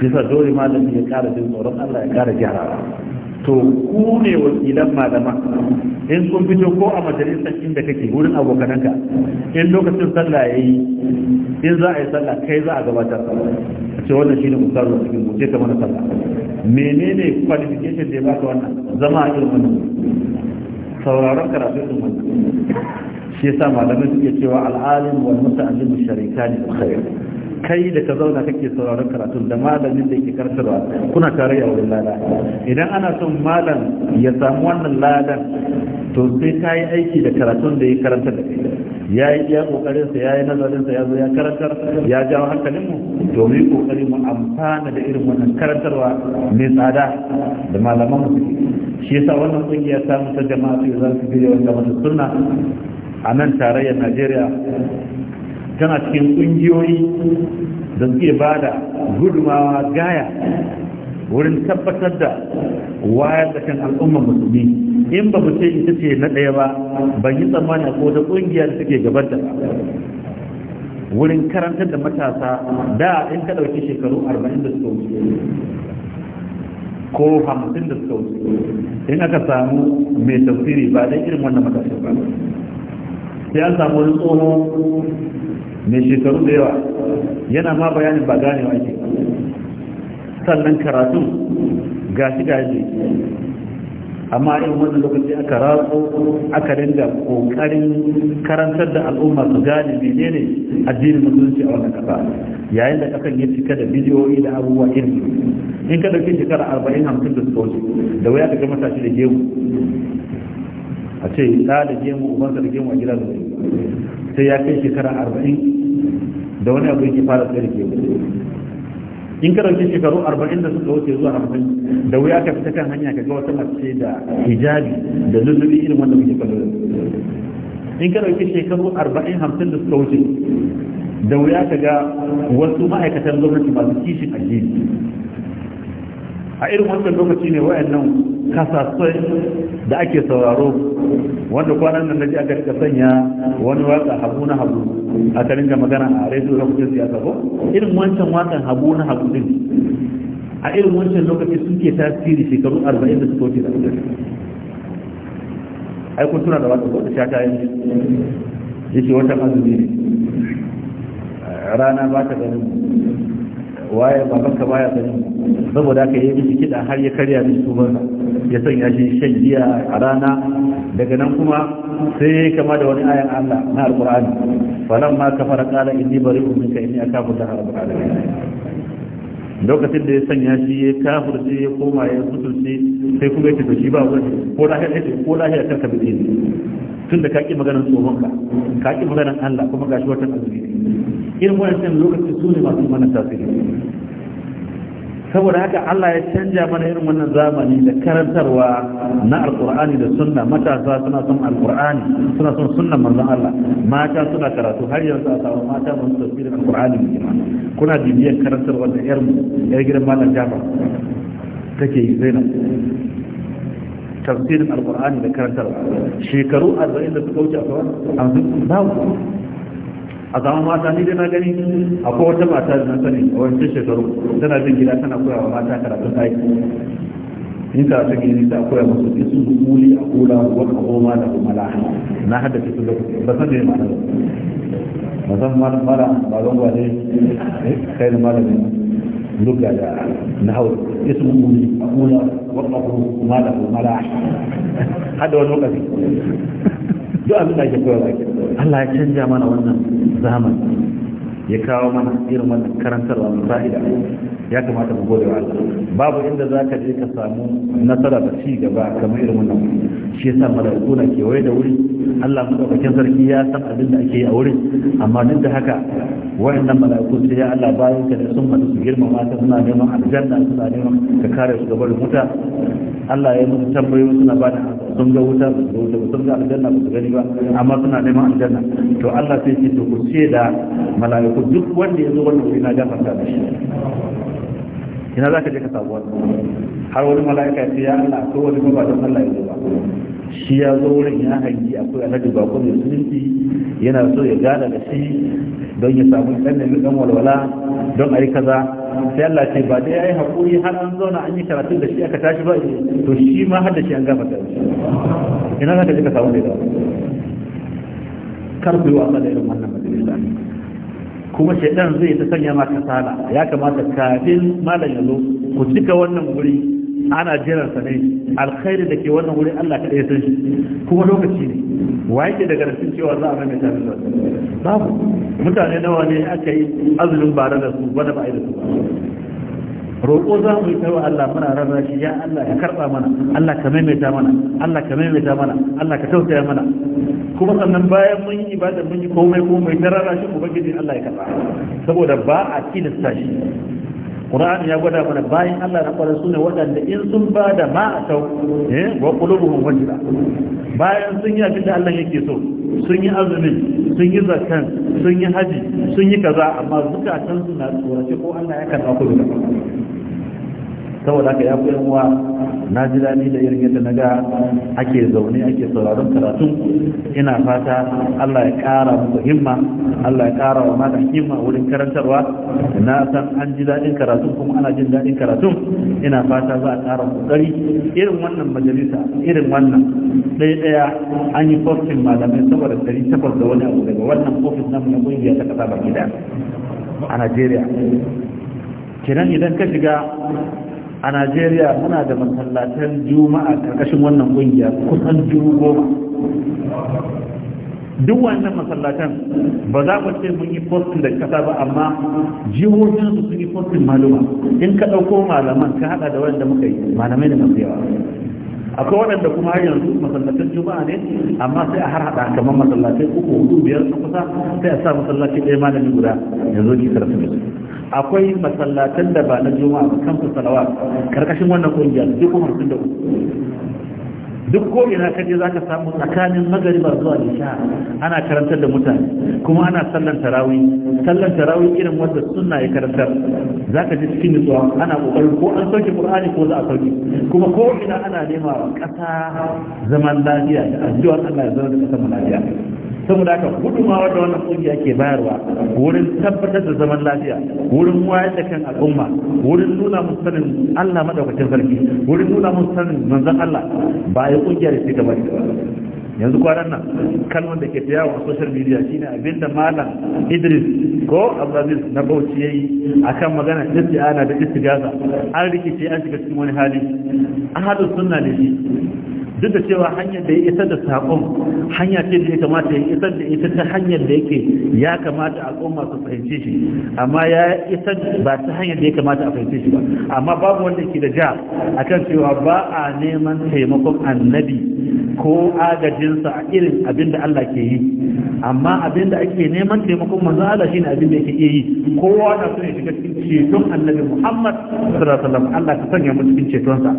A: shi sa dole malami ya kara jin tsoron Allah ya kara gyarawa to ku ne wakilan malama, in kun fito ko a majalisar inda kake wurin abokananka in lokacin sallah ya yi, in za a yi sallah kai za a gabatar ce wannan shine ustazu a cikin goce ta mana sallah menene qualification da ya baka wannan zama a irin wannan sauraron karatu sun wannan shi yasa malamai suke cewa al'alim wal muta'allim da khair kai da ka zauna kake sauraron karatun da malamin da ke karantarwa kuna tarayya wurin lada idan ana son malam ya samu wannan ladan to sai ka yi aiki da karatun da ya karanta da kai ya yi iya kokarinsa ya yi nazarinsa, ya zo ya karantar ya jawo hankalin mu domin kokari mu amfana da irin wannan karantarwa mai tsada da malaman mu shi yasa wannan kungiya ta mutar jama'a su zan su biyo wanda masu sunna a nan tarayyar Najeriya tana cikin ƙungiyoyi da suke ba da gudumawa gaya wurin tabbatar da wayar da kan al'ummar musulmi in ba mu ce ita ce na ɗaya ba ban yi tsammani ko da ƙungiya da suke da wurin karantar da matasa da in ka ɗauki shekaru arba'in da suka wuce ko 50 da suka wuce in aka samu mai tafsiri ba dai irin wannan matashi ba sai an samu wani tsoho mai shekaru da yawa yana ma bayanin ba ganewa ake sannan karatun gashi gashi amma irin wannan lokaci aka ratso aka dinga kokarin karantar da al'umma su gane menene addinin musulunci a wannan kasa yayin da kasan yin cika da bidiyoyi da abubuwa irin in ka dauki shekara arba'in hamsin da suka da waya ka ga matashi da gemu a ce ɗa da gemu ubansa da gemu a gida da sai ya kai shekara arba'in da wani abu yake fara tsarki in ka ɗauki shekaru arba'in da suka wuce zuwa hamsin da wuya ka fita kan hanya ka ga wata mace da hijabi da lullubi irin wanda muke kallo in ka ɗauki shekaru arba'in hamsin da suka wuce da wuya ka ga wasu ma'aikatan gwamnati masu kishin addini a irin wannan lokaci ne wayannan kasasai da ake sauraro wanda kwanan nan da aka rika sanya wani waka habu na habu a aka ringa magana a rediyo na kudin siyasa ko irin wancan wakan habu na habu din a irin wancan lokaci suke tasiri shekaru 40 da suka wuce da kudin ai kun tuna da wata ko ta ta yi yake wata azumi ne rana ba ta ganin waye babanka baya sani saboda aka yi miki kiɗa har ya karya miki tuban ya sanya shi shan giya a rana daga nan kuma sai ya kama da wani ayan Allah na alqur'ani falamma kafara qala inni bari'un minka inni akafu da rabbul lokacin da ya sanya shi ya shi ya koma ya mutunce sai kuma ya tafi shi ba wani ko lahiyar ya ko lahiyar kan ka ne tun da ka ki maganar tsohon ka ka ki maganar Allah kuma shi wata azumi irin sai lokacin su ne masu mana tasiri saboda haka Allah ya canja mana irin wannan zamani da karantarwa na alkur'ani da sunna matasa suna son alkur'ani suna son sunnan manzon Allah mata suna karatu har yanzu a samu mata masu tafsirin alkur'ani kuna bibiyar karantarwa da yar yar gidan malam Jafar take yi Zainab tafsirin alkur'ani da karantarwa shekaru 40 da suka wuce a kawai ba a zama mata ni dai na gani akwai wata mata da nan sani a wancan shekaru tana jin gida tana koya wa mata karatun aiki in ka ta gini ta koya musu isu kuli a kula wa koma da kuma lahan na hada su da ba san da ma'ana ba san malam mala ba don gwa dai eh, kai da malamin lugha da na nahwu ismu kuli a kula wa koma da kuma lahan hada wani lokaci duk abin da ake Allah ya canja mana wannan zamani ya kawo mana irin wannan karantarwa mai fa'ida ya kamata mu gode wa Allah babu inda za ka je ka samu nasara da ci gaba kamar irin wannan shi yasa mala'iku na kewaye da wuri Allah madaukakin sarki ya san abin da ake yi a wurin amma duk da haka wayannan mala'iku sai ya Allah bayan ka da sun mata su ma ta suna neman aljanna suna neman ka kare su gaba da wuta Allah ya musu tambayoyi suna ba da sun ga wuta su ga wuta sun ga aljanna ba su gani ba amma suna neman aljanna to Allah sai ce to ku ce da mala'iku duk wanda ya zo wannan wuri na gafarta da shi ina za ka je ka sabu wani har wani mala'ika ya ce ya Allah ko wani ba don Allah ya zo ba shi ya zo wurin ya hangi akwai alhaji ba ko musulunci yana so ya gana da shi don ya samu dan nemi dan walwala don a yi kaza sai Allah ce ba dai ai hakuri har an zauna an yi karatu da shi aka tashi ba to shi ma har da shi an gama shi? ina za ka je ka samu da kar ku yi wasa da irin wannan majalisa kuma shaidan zai ta sanya ma kasala ya kamata kafin malam ya zo ku cika wannan guri ana jiran sa ne alkhairi da ke wannan guri Allah kaɗai ya san shi kuma lokaci ne wa yake da garantin cewa za a mai ta zuwa babu mutane nawa ne aka yi azumin bare da su wanda ba a yi da su roƙo za mu yi tawa Allah muna rarra shi ya Allah ka karɓa mana Allah ka maimaita mana Allah ka maimaita mana Allah ka tausaya mana kuma sannan bayan mun yi ibada mun yi komai komai ta rana shi gidan Allah ya karba saboda ba a tilasta shi Qur'an ya gwada mana bayan Allah na fara suna waɗanda in sun ba da ma a tau eh, wa qulubuhum bayan sun yi abin da Allah yake so sun yi azumin sun yi zakan sun yi haji sun yi kaza amma zuka can suna tsorace ko Allah ya karba ku da saboda haka ya koyan wa na ji daɗi da irin yadda na ga ake zaune ake sauraron karatu ina fata Allah ya ƙara muku himma Allah ya ƙara wa mata himma wurin karantarwa na san an ji daɗin karatu kuma ana jin daɗin karatu ina fata za a ƙara kokari irin wannan majalisa irin wannan ɗaya ɗaya an yi postin malamai saboda ɗari takwas da wani abu daga wannan ofis mu na ƙungiya ta ƙasa gida ɗaya a Najeriya kenan idan ka shiga a najeriya muna da masallatan juma'a karkashin wannan kungiya kusan dubu goma duk wannan masallatan ba za mu ce mun yi postin da kasa ba amma jihohin su sun yi postin maluma in ka ɗauko malaman ka haɗa da wanda muka yi malamai da masu yawa akwai waɗanda kuma har yanzu masallatan juma'a ne amma sai a har haɗa kamar masallatai, uku hudu biyar kusa sai a sa masallaci ɗaya malami guda yanzu ki karfi akwai masallatan da ba na juma'a kan kansu salawa karkashin wannan kungiya duk kuma 53 duk ko ina kaje zaka samu tsakanin magariba zuwa isha ana karantar da mutane kuma ana sallan tarawih sallan tarawih irin wanda sunna ya karantar za ka ji cikin nutsuwa ana kokarin ko an sauke qur'ani ko za a sauke kuma ko ina ana nema kasa zaman lafiya da addu'ar Allah ya zama da kasa lafiya saboda haka gudunmawa da wannan kungiya ke bayarwa wurin tabbatar da zaman lafiya wurin wayar da kan al'umma wurin nuna musanin Allah madaukakin sarki wurin nuna musanin manzon Allah ba sai kungiyar ce gaba da yanzu kwanan nan kalmar da ke ta yawon social media ne abin da malam idris ko abdulaziz na bauchi yayi akan magana Ana da gaza an rikice an shiga cikin wani hali an haɗu suna da shi duk da cewa hanyar da ya isar da saƙon hanya ce da ya kamata ya isar da ita ta hanyar da yake ya kamata al'umma su fahimci shi amma ya isar ba ta hanyar da ya kamata a fahimci shi ba amma babu wanda ke da ja kan cewa ba a neman taimakon annabi ko agajinsa a irin abin da Allah ke yi amma abin da ake neman taimakon manzo Allah shine abin da yake yi kowa na so ya shiga cikin ceton annabi Muhammad sallallahu alaihi wasallam Allah ka sanya mu cikin cetonsa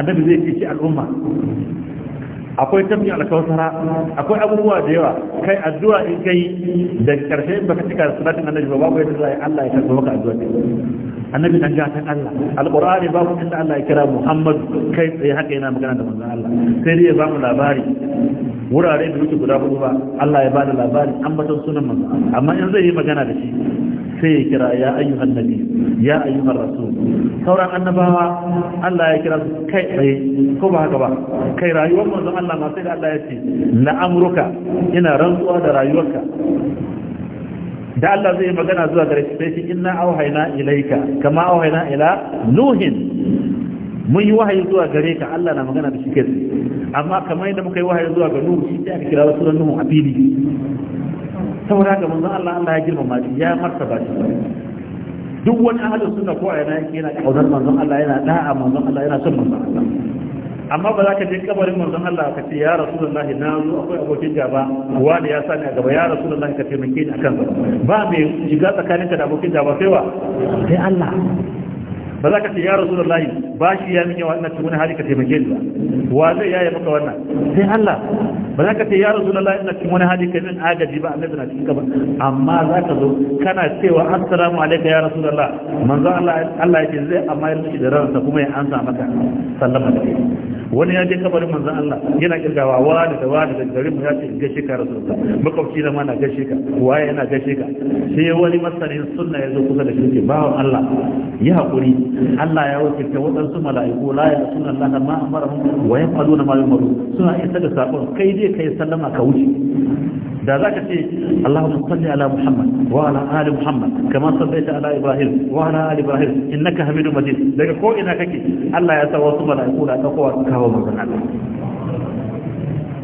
A: annabi zai ce al'umma akwai tafiyar alkawtara akwai abubuwa da yawa kai addu'a in kai da karshe in baka cika salatin annabi ba babu yadda zai Allah ya karɓa maka addu'a annabi dan gatan Allah alqur'ani babu inda Allah ya kira Muhammad kai tsaye haka yana magana da manzon Allah sai dai ya ba mu labari wurare da wuce guda hudu ba Allah ya bada labarin ambaton sunan manzo amma in zai yi magana da shi sai ya kira ya ayyuhan nabi ya ayyuhan rasul sauran annabawa Allah ya kira su kai tsaye ko ba haka ba kai rayuwar manzo Allah ma sai da Allah ya ce la amruka ina rantsuwa da rayuwarka da Allah zai magana zuwa gare shi sai shi inna auhayna ilayka kama auhayna ila nuhin mun yi wahayi zuwa gare ka Allah na magana da shi kai amma kamar yadda muka yi wahayi zuwa ga Nuhu shi sai aka kira sunan Nuhu a fili saboda ga manzon Allah Allah ya girmama shi ya martaba shi duk wani ahli suna ko yana yake yana kaunar manzon Allah yana da'a manzon Allah yana son manzon Allah amma ba za ka je kabarin manzon Allah ka ce ya rasulullahi na zo akwai abokin gaba wa da ya sani a gaba ya rasulullahi ka taimake ni akan ba mai shiga tsakaninka da abokin gaba sai wa sai Allah ba za ka ce ya layi ba shi ya min yawa ina cikin hali ka taimake ni wa zai yaya maka wannan sai Allah ba za ka ce ya layi ina cikin wani hali ka min agaji ba annabi na cikin ka ba amma za ka zo kana cewa assalamu alaikum ya rasulullah manzo Allah Allah yake zai amma ya miki da ransa kuma ya ansa maka sallama da kai wani ya je kabarin manzo Allah yana kirgawa wani da wani da garin mu ya ce gashi ka rasulullah makauci da ma na gashi ka waye yana gashi ka sai wani masarin sunna ya zo kusa da shi ke bawan Allah ya haƙuri Allah ya wakilta waɗansu mala'iku la ya suna Allah ma amarahum wa na ma yumaru suna isa da sakon kai dai kai sallama ka wuce da zaka ce Allahumma salli ala Muhammad wa ala ali Muhammad kama sallaita ala Ibrahim wa ala ali Ibrahim innaka Hamidum Majid daga ko ina kake Allah ya sa wasu mala'iku da kawo kawo manzon Allah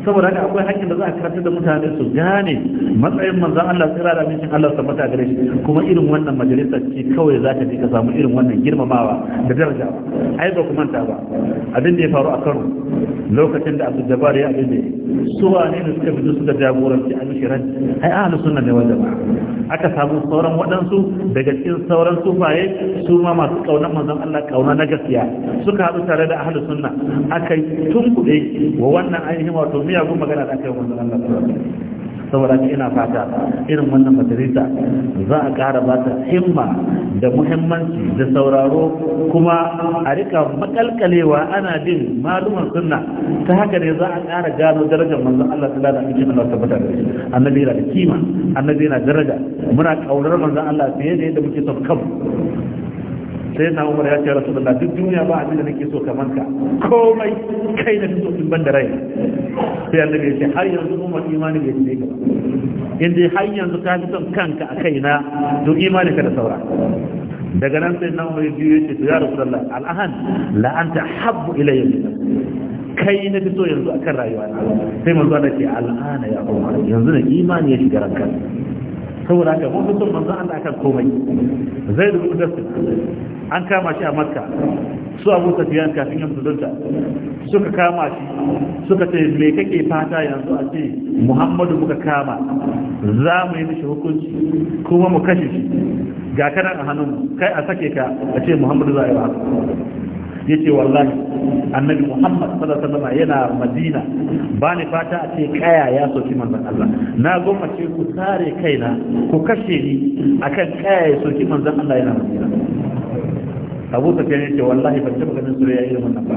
A: saboda haka akwai hakkin da za a karanta da mutane su gane matsayin manzan Allah tsira da mincin Allah sa mata gare shi kuma irin wannan majalisa ce kawai za ta je ka samu irin wannan girmamawa da daraja ai ba ku manta ba abin da ya faru a Kano lokacin da Abdul Jabbar ya abin da su wane ne suka fito suka jagoranci al-shirat ai ahlus sunna ne wajen aka samu sauran waɗansu daga cikin sauran sufaye su ma masu kaunar manzon Allah kauna na gaskiya suka haɗu tare da ahlus sunna aka tunkuɗe wa wannan ainihin wato miyagun magana da aka yi Allah sallallahu alaihi wasallam ina fata irin wannan majalisa za a ƙara ba ta himma da muhimmanci da sauraro kuma a rika makalkalewa ana bin maluman sunna ta haka ne za a ƙara gano darajar manzon Allah sallallahu alaihi wasallam Allah tabbata da shi annabi yana da kima annabi yana daraja muna kaurar manzon Allah fiye da yadda muke son kanmu sai na umar ya ce rasulullah duk duniya ba abin da nake so kamar ka
B: komai kai da fito
A: in ban da rai sai annabi ya ce har yanzu umar imani bai ne ka in dai har yanzu ka fi son kanka a kaina to imani ka da saura daga nan sai nan mai biyu ya ce to ya rasulullah al'ahan la'anta anta habbu ilayya kai na fito yanzu akan rayuwa na sai manzo da ce al'ana ya umar yanzu na imani ya shiga ranka saboda haka mun fitar manzon Allah akan komai zai da mutum an kama shi a makka su abu tafiyan kafin ya mutunta suka kama shi suka ce me kake fata yanzu a ce muhammadu muka kama za mu yi mishi hukunci kuma mu kashe shi ga kana a hannun kai a sake ka a ce muhammadu za a yi ba ce wallahi annabi Muhammad sallallahu alaihi wasallam yana Madina ba ni fata a ce kaya ya soki manzon Allah na goma ce ku sare kaina ku kashe ni akan kaya ya soki manzon Allah yana Madina Abu Sufyan ce wallahi ban taba ganin soyayya irin wannan ba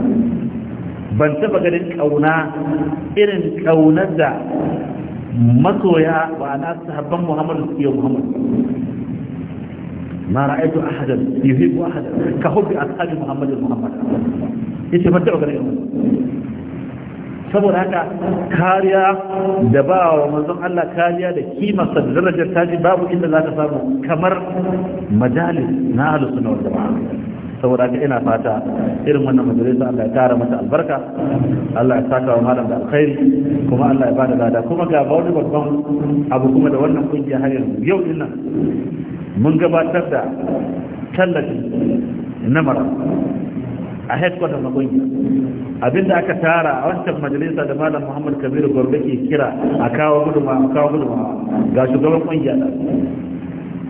A: ban taba ganin kauna irin kaunar da masoya ba na sahabban Muhammadu suke Muhammad ما رأيت أحدا يهيب أحدا كحب أصحاب محمد محمد يتمتع غيرهم saboda haka kariya da ba wa manzon Allah kariya da kimarsa da darajar taji babu inda za ka samu kamar majalis na ahlus sunna wal jama'a saboda haka ina fata irin wannan majalisa Allah ya tara mata albarka Allah ya saka wa malam da alkhairi kuma Allah ya bada lada kuma ga wani babban abu kuma da wannan kungiya har yanzu yau din nan mun gabatar da tallafi na mara a headquarter na kungiya abinda aka tara a wancan majalisa da malam Muhammad Kabiru Gombe ke kira a kawo gudunmawa a kawo gudunmawa ga shugaban kungiya da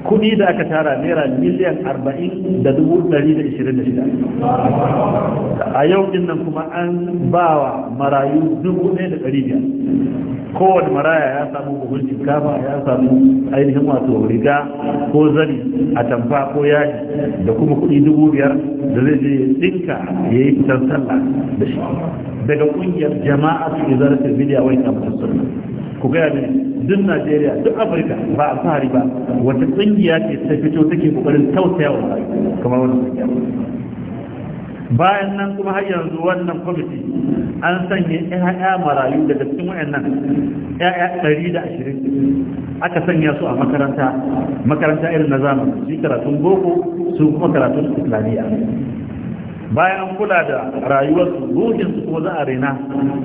A: kuɗi da aka tara naira miliyan arba'in da dubu dari da ishirin da shida a yau din nan kuma an ba wa marayu dubu ɗaya da ɗari biyar kowane maraya ya samu buhun shinkafa ya samu ainihin wato riga ko zani a tamfa ko yaji da kuma kuɗi dubu biyar da zai je ɗinka ya yi fitar sallah da shi daga ƙungiyar jama'a su izaratin bidiya wai kamar sunna ku gaya mini duk najeriya duk afirka ba a fahari ba wata tsingiya ce ta fito take kokarin tausaya wa kamar wannan bayan nan kuma har yanzu wannan kwamiti an sanya 'ya'ya marayu daga cikin wayannan 'ya'ya 120 aka sanya su a makaranta makaranta irin na zamani shi karatun boko su kuma karatun islamiyya bayan kula da rayuwarsu ruhinsu kuma za a rena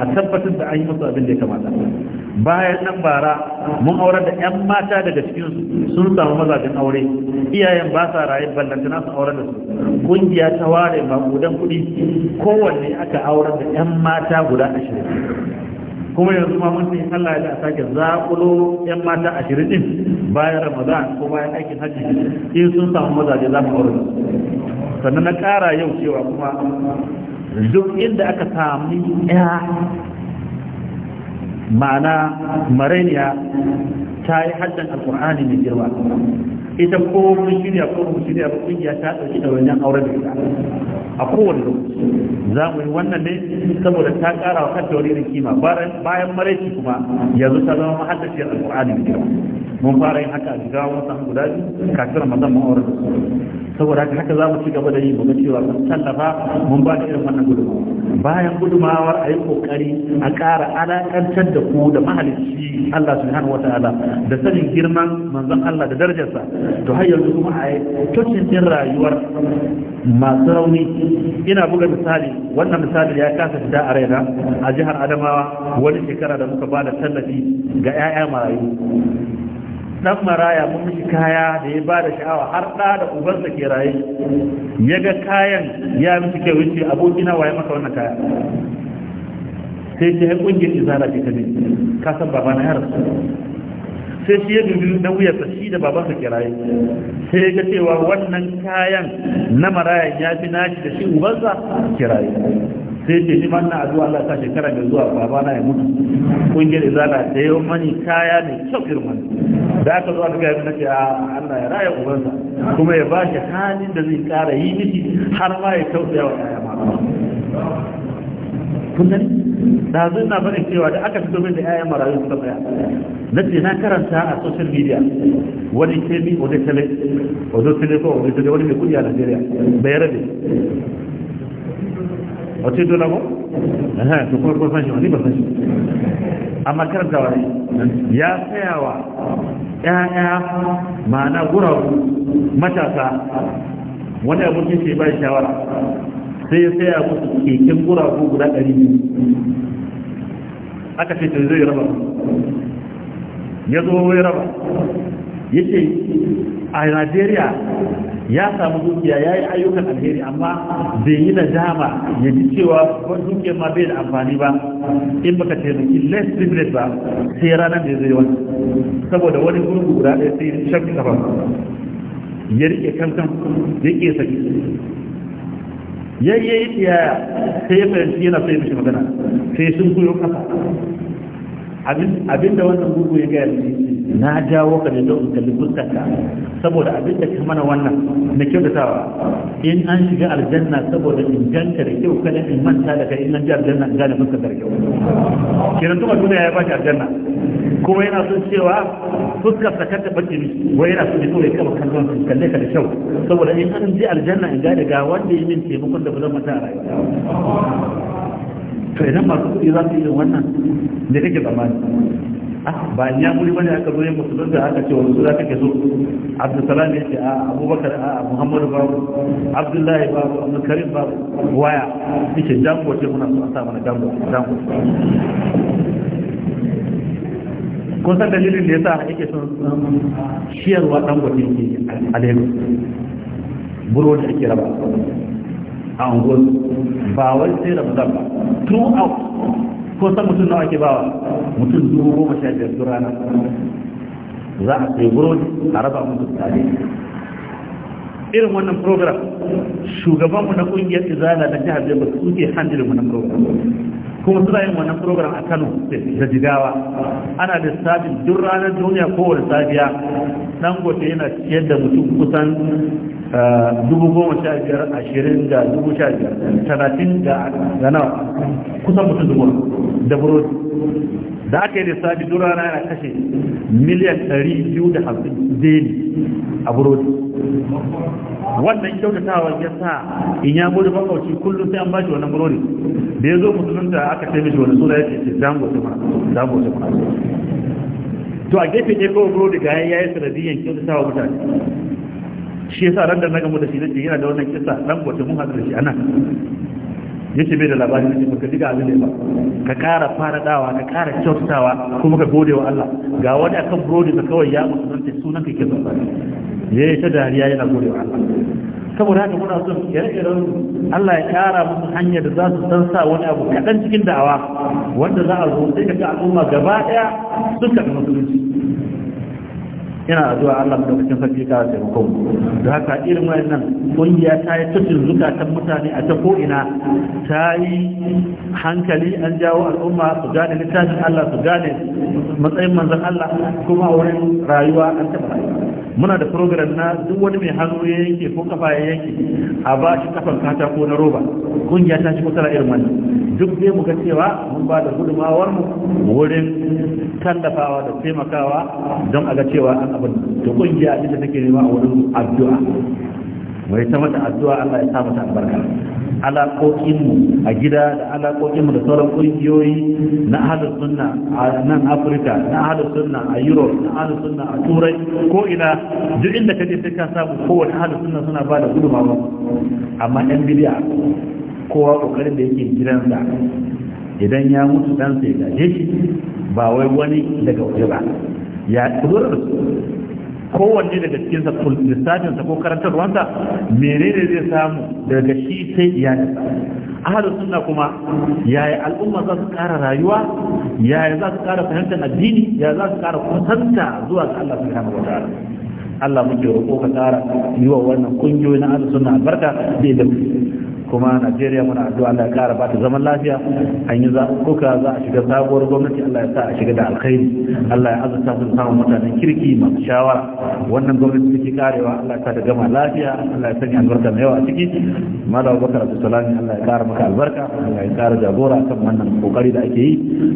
A: a tabbatar da an yi musu abin da ya kamata bayan nan bara mun aure da 'yan mata daga cikinsu sun samu mazajen aure iyayen ba sa raye ballantana su aure da su kungiya ta ware makudan kuɗi kowanne aka aure da 'yan mata guda ashirin kuma yanzu ma mun sai Allah ya sake zaƙulo 'yan mata ashirin din bayan ramadan ko bayan aikin hajji in sun samu mazaje za mu aure sannan na ƙara yau cewa kuma duk inda aka sami ya ma'ana mareniya ta yi haddan alkur'ani mai girma ita ko mun shirya ko mun shirya ba kungiya ta dauki da wannan auren da ita a kowane lokaci za mu yi wannan ne saboda ta kara wa kanta wani irin kima bayan maraici kuma yanzu ta zama mahaddaciyar alqur'ani da mun fara yin haka a jigawa mun samu guda biyu kafin mazan mu auren saboda haka haka za mu ci gaba da yi mu ga cewa mun tallafa mun ba da irin wannan gudunmawa bayan gudunmawar a yi kokari a ƙara alakantar da ku da mahalicci Allah subhanahu ta'ala da sanin girman manzon Allah da darajarsa to har yanzu kuma a cocin din rayuwar masu rauni ina buga misali wannan misali ya kasa fita a raina a jihar adamawa wani shekara da muka ba da tallafi ga 'ya'ya marayu dan maraya mun mishi kaya da ya ba da sha'awa har ɗa da ubansa ke raye ya ga kayan ya mishi kai wuce abokina waye maka wannan kaya sai ta yi ƙungiyar izara ce ta ne ka san babana ya rasu sai shi ya dubi na wuyar sa shi da babansa kiraye sai ga cewa wannan kayan na maraya ya fi nashi da shi ubansa kiraye sai ce ni manna zuwa Allah ta shekara da zuwa baba na ya mutu kungiyar izala da yau mani kaya ne kyau girman da aka zuwa daga yanzu nace a Allah ya raya ubansa kuma ya ba shi halin da zai kara yi miki har ma ya tausaya wa yaya ma kun da zai na bane cewa da aka fito min da yayan marayu suka tsaya na ce na karanta a social media wani kemi wani tele ko tele wani mai kudi a nigeria bai rabe wace dole ko? aha to kuma ko san wani ba san shi amma karanta wani ya tsayawa
C: ya'ya ma'ana
A: guragu matasa wani abokin ke bai shawara sai ya saya musu keken guragu guda ɗari biyu aka ce zai raba ya zo wai raba ce a najeriya ya samu dukiya ya yi ayyukan alheri amma bai yi da dama ya ji cewa dukiyar ma bai da amfani ba in baka taimaki less privilege ba sai ranar da zai wani saboda wani gurgu guda ɗaya sai shafi kafa ya rike kankan ya ƙesa yayye tsiyaya sai ya fahimci yana sai mishi magana sai sun koyo kasa abinda wannan gugu ya gaya mishi na jawo ka ne don in kalli fuskarka saboda abinda ka mana wannan na kyau da kyautatawa in an shiga aljanna saboda in ganta da kyau kada in manta da kai in an ji aljanna in gane fuskar da kyau kiran tuka duniya ya bashi aljanna kuma yana son cewa fuskar ta kanta baki ne wai yana son kawai kama kallon su kalle ka da kyau saboda in an je aljanna in ga daga wanda yi min taimakon da ba zan mata a rayuwa to idan masu kuɗi za su yi wannan da kake tsammani ah, ba ya kuri bane aka zo yin musulun da aka ce wani sura kake so abdulsalam ya ce a abubakar a muhammadu babu abdullahi babu abdulkarim babu waya yake dangote muna so a sa mana dangote kun san dalilin da ya sa yake son shiyarwa ɗan gwamnati ke a lagos buro da ake raba a unguwar ba wai sai ramadan ba throughout ko san mutum nawa ake bawa mutum dubu goma sha biyar su rana za a sai buro a raba mutum tare irin wannan program shugabanmu na kungiyar izala na jihar jabal suke handle wannan program kuma suna yin wannan program a kano da jigawa ana da sabin duk ranar duniya kowane safiya nan gote yana ciyar da mutum kusan eh, dubu goma sha biyar ashirin da dubu sha biyar talatin da nawa kusan mutum dubu da burodi da aka yi da lissafi duk rana yana kashe miliyan ɗari biyu da hamsin daily a burodi wannan kyautatawa ya sa in ya gudu makauci kullum sai an ba shi wani burodi da ya zo musulunta aka ce mishi wani suna ya ce zango ta zango ta to a gefe ne kawai burodi ga ya yi sanadiyyar kyautatawa mutane shi sa ran da na gamu da shi zai yana da wannan kisa dan gote mun haɗa da shi nan. yake bai da labari ne baka ji abin da ba ka kara faradawa ka kara kyautatawa kuma ka gode wa Allah ga wani akan burodi ka kawai ya musulunta sunan ka ke zaba ya yi ta dariya yana gode wa Allah saboda haka muna son ire-iren Allah ya kara musu hanyar da za su san sa wani abu kaɗan cikin da'awa wanda za a zo sai ka ga al'umma gaba ɗaya sun karɓi musulunci ina zuwa Allah madaukakin sarki ka taimako da haka irin wayannan kungiya ta yi tutun zukatan mutane a ta ko'ina ta yi hankali an jawo al'umma su gane littafin Allah su gane matsayin manzon Allah kuma wurin rayuwa an taɓa muna da program na duk wani mai hannu ya yanke ko kafa ya yanke a ba shi kafan katako na roba kungiya ta shi kusa irin wannan duk zai mu ga cewa mun ba da gudumawar mu wurin tallafawa da taimakawa don a ga cewa an abin da kungiya ita take nema a wurin addu'a mai ta mata addu'a Allah ya sa mata albarka alaƙoƙinmu a gida da alaƙoƙinmu da sauran ƙungiyoyi na ahalar sunna a nan afirka na ahalar sunna a europe na ahalar sunna a turai ko ina duk inda ka je sai ka samu kowane ahalar sunna suna ba da gudunmawa amma yan bidiya kowa ƙoƙarin da yake gidansa idan ya mutu dan ya gaje shi ba wai wani daga waje ba ya kudurarsu kowanne daga cikinsa lissafinsa ko karantarwansa menene zai samu daga shi sai iyalinsa ahalu sunna kuma yaya al'umma za su kara rayuwa yaya za su kara fahimtar addini yaya za su kara kusanta zuwa ga Allah subhanahu wataala Allah muke roƙo ka tsara yi wa wannan kungiyoyi na ahalu sunna albarka da kuma najeriya muna addu'a allah ya kara bata zaman lafiya an yi zaɓuɓɓuka za a shiga sabuwar gwamnati allah ya sa a shiga da alkhairi allah ya azurta su samun mutanen kirki masu shawara wannan gwamnati take karewa allah ya sa ta gama lafiya allah ya sanya albarka mai yawa a ciki malam bakar abdulsalami allah ya kara maka albarka allah ya kara jagora kan wannan kokari da ake yi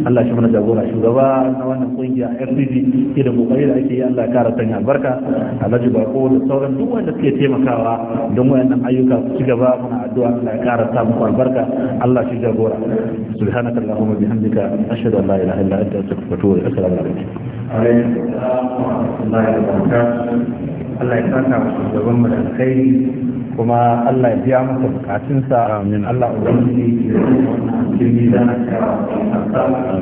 A: allah ya shi mana jagora shugaba na wannan kungiya fcc irin kokari da ake yi allah ya kara sanya albarka alhaji bako da sauran duk wanda suke taimakawa don wayannan ayyuka su ci gaba muna addu'a Allah ya ƙara sa albarka Allah shi jagora subhanaka allahumma bihamdika ashhadu an la ilaha illa anta astaghfiruka wa atubu ilaik Allah ya mu da kuma Allah ya biya masa bukatunsa amin Allah ubangiji ya yi wannan da ko da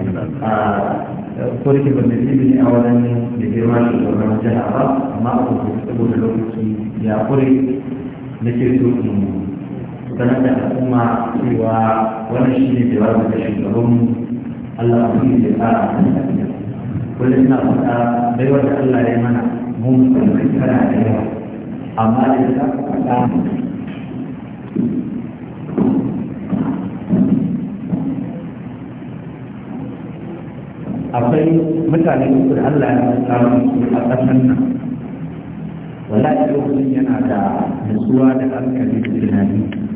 A: ke ban da a wajen da girma ba amma a kuma saboda lokaci ya kure so in sanar da al'umma cewa wani shi ne jawabin da shugaban Allah ku yi da tsara a kullum na faɗa bai da Allah ya mana mun kai kana da yawa amma da za ku akwai mutane uku da Allah ya samu a ƙasar nan wala lokacin yana da nutsuwa da hankali da tunani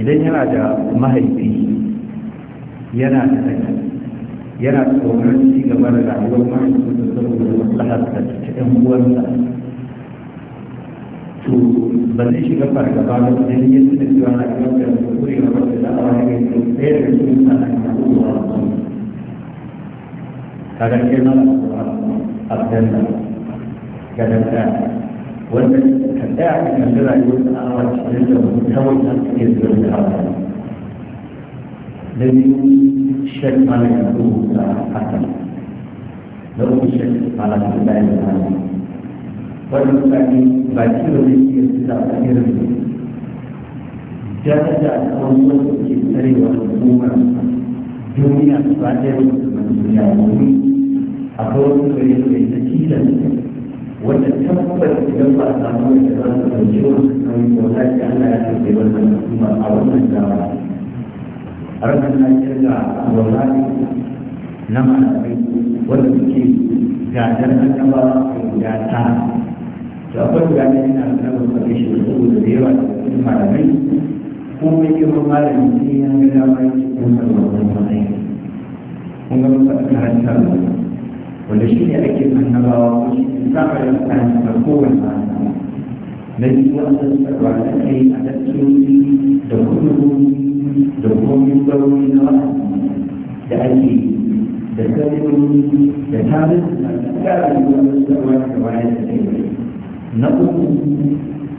A: idan yana da mahaifi yana da saka yana tsoron ci gaba da rayuwar mahaifinsa saboda maslahar da cikin uwarsa to ba zai shiga fargaba ba da ne yin da cewa na kuma da kuri na wasu da a wani gani ɗaya da su na na kuma kaga kenan a aljanna ga dan wanda ka tsaya a kan da rayuwar da awa cikin da kawai ta ke zuwa da awa da biyu shek malaka rubuta hakan da uku shek malaka da ya zama wanda mutane ba ki da zai iya fita a irin daraja a kawai wanda ke tsarewa al'ummar duniya ba ɗaya wanda ke duniya domin akwai wani kare da ya ta wanda tabbas idan ba a samu da za su ɗauki wasu nauyi ko ta ce Allah ya ɗauke wannan Kuma a wannan dama har kan na kirga wallahi na malamai wanda suke gadar annaba guda ta to akwai guda yana da nan kwaɗe shi saboda da yawa da cikin malamai ko mai girman malami sai ya ga dama ya ce kun karɓar wannan matsayi kun ga mun faɗa karantar wanda shi ne ake annabawa ko shi ne sa a da kowane annabawa na yi biyu an sarwa da ke yi a dattoci da kudurobi da kuma sauri na wata da ake da kalmomi da tarin da ta rayuwa da sarwa da bayan da ke yi na uku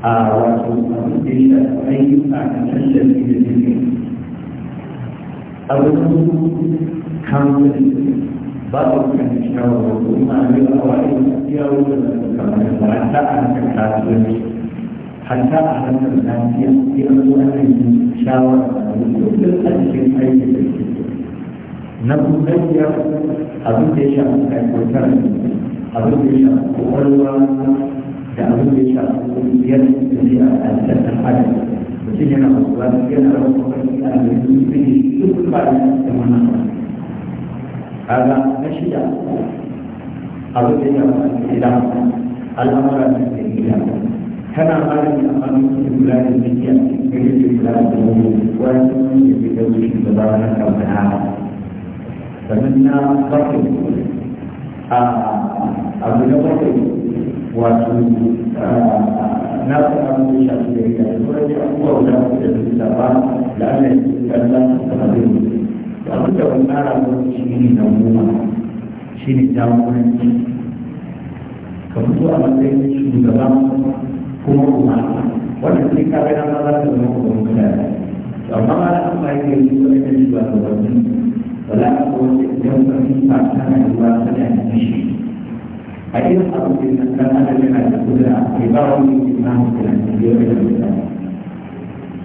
A: a wato abin da ya a ayyuka na tallafi da ke yi jirgin abin kamfani babu kan kyawu kuma ne a wani kyawu hatta a kan kasuwanci hatta a hannun lafiya irin wannan yin shawara a duk a cikin aiki da ke na kudayya abin da ya shafi aikwatar abin da ya shafi kwakwalwa da abin da ya shafi kungiyar da ya a tattar mutum yana kwakwalwa yana rawa kwakwalwa a yanzu da ya shi duk ba da ya هذا نشيد يعني. أبو إلى الأمر الإسلام كما قال في أقام استقلال المدية من استقلال الأمور ويسمي بزوج مبارك وبنات فمنا بقي أبو بكر آه، وناس أبو شافعي يقول أبو أولاد الإسلام لأن الإسلام تقدم abin da wannan ramuwar shi ne na goma shi ne jagoranci ka fito a matsayin shugaba kuma kuma wannan sai ka ga dama za ka zama kuma kuma to amma ba za ka yi kai su wani da ba za ka kawo da idan wani ba tana da ruwa tana da shi a na abin da yana da kudura a kai ba wani imamu da na biyar da kudura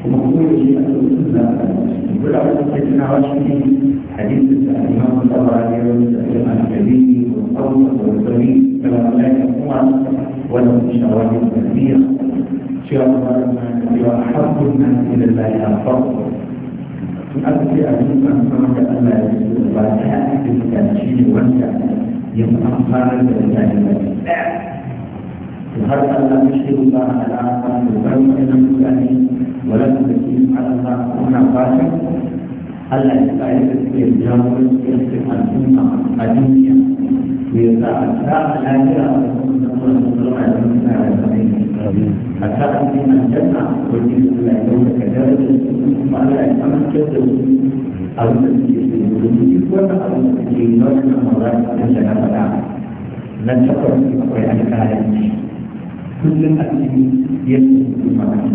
A: ومقبول في ولعل سيدنا راشدي حديث الامام الطبراني والامام الكبير والقوم والبني كما لا يقوم ولو بشواهد كثيره شرع الله واحب الناس الى الله انفسهم تؤدي أجوبة فرد أما وتأتي بالتمشير وانت يتأخر بالتعليمات وهل أن تشكر الله على أعظم الغرب إلى المسلمين wala ta take Allah muna fatan Allah ya sa da suke jagoranci a cikin al'umma a duniya ya sa a sa a lafiya a cikin sallama da mutuna da samai a sa a cikin aljanna wajen Allah ya dauka darajar su kuma Allah ya amince da su abin da suke so domin duk wani abin da suke yi na wannan mazaɓin da na faɗa na takwas akwai alƙalanci kullum a cikin yadda suke magana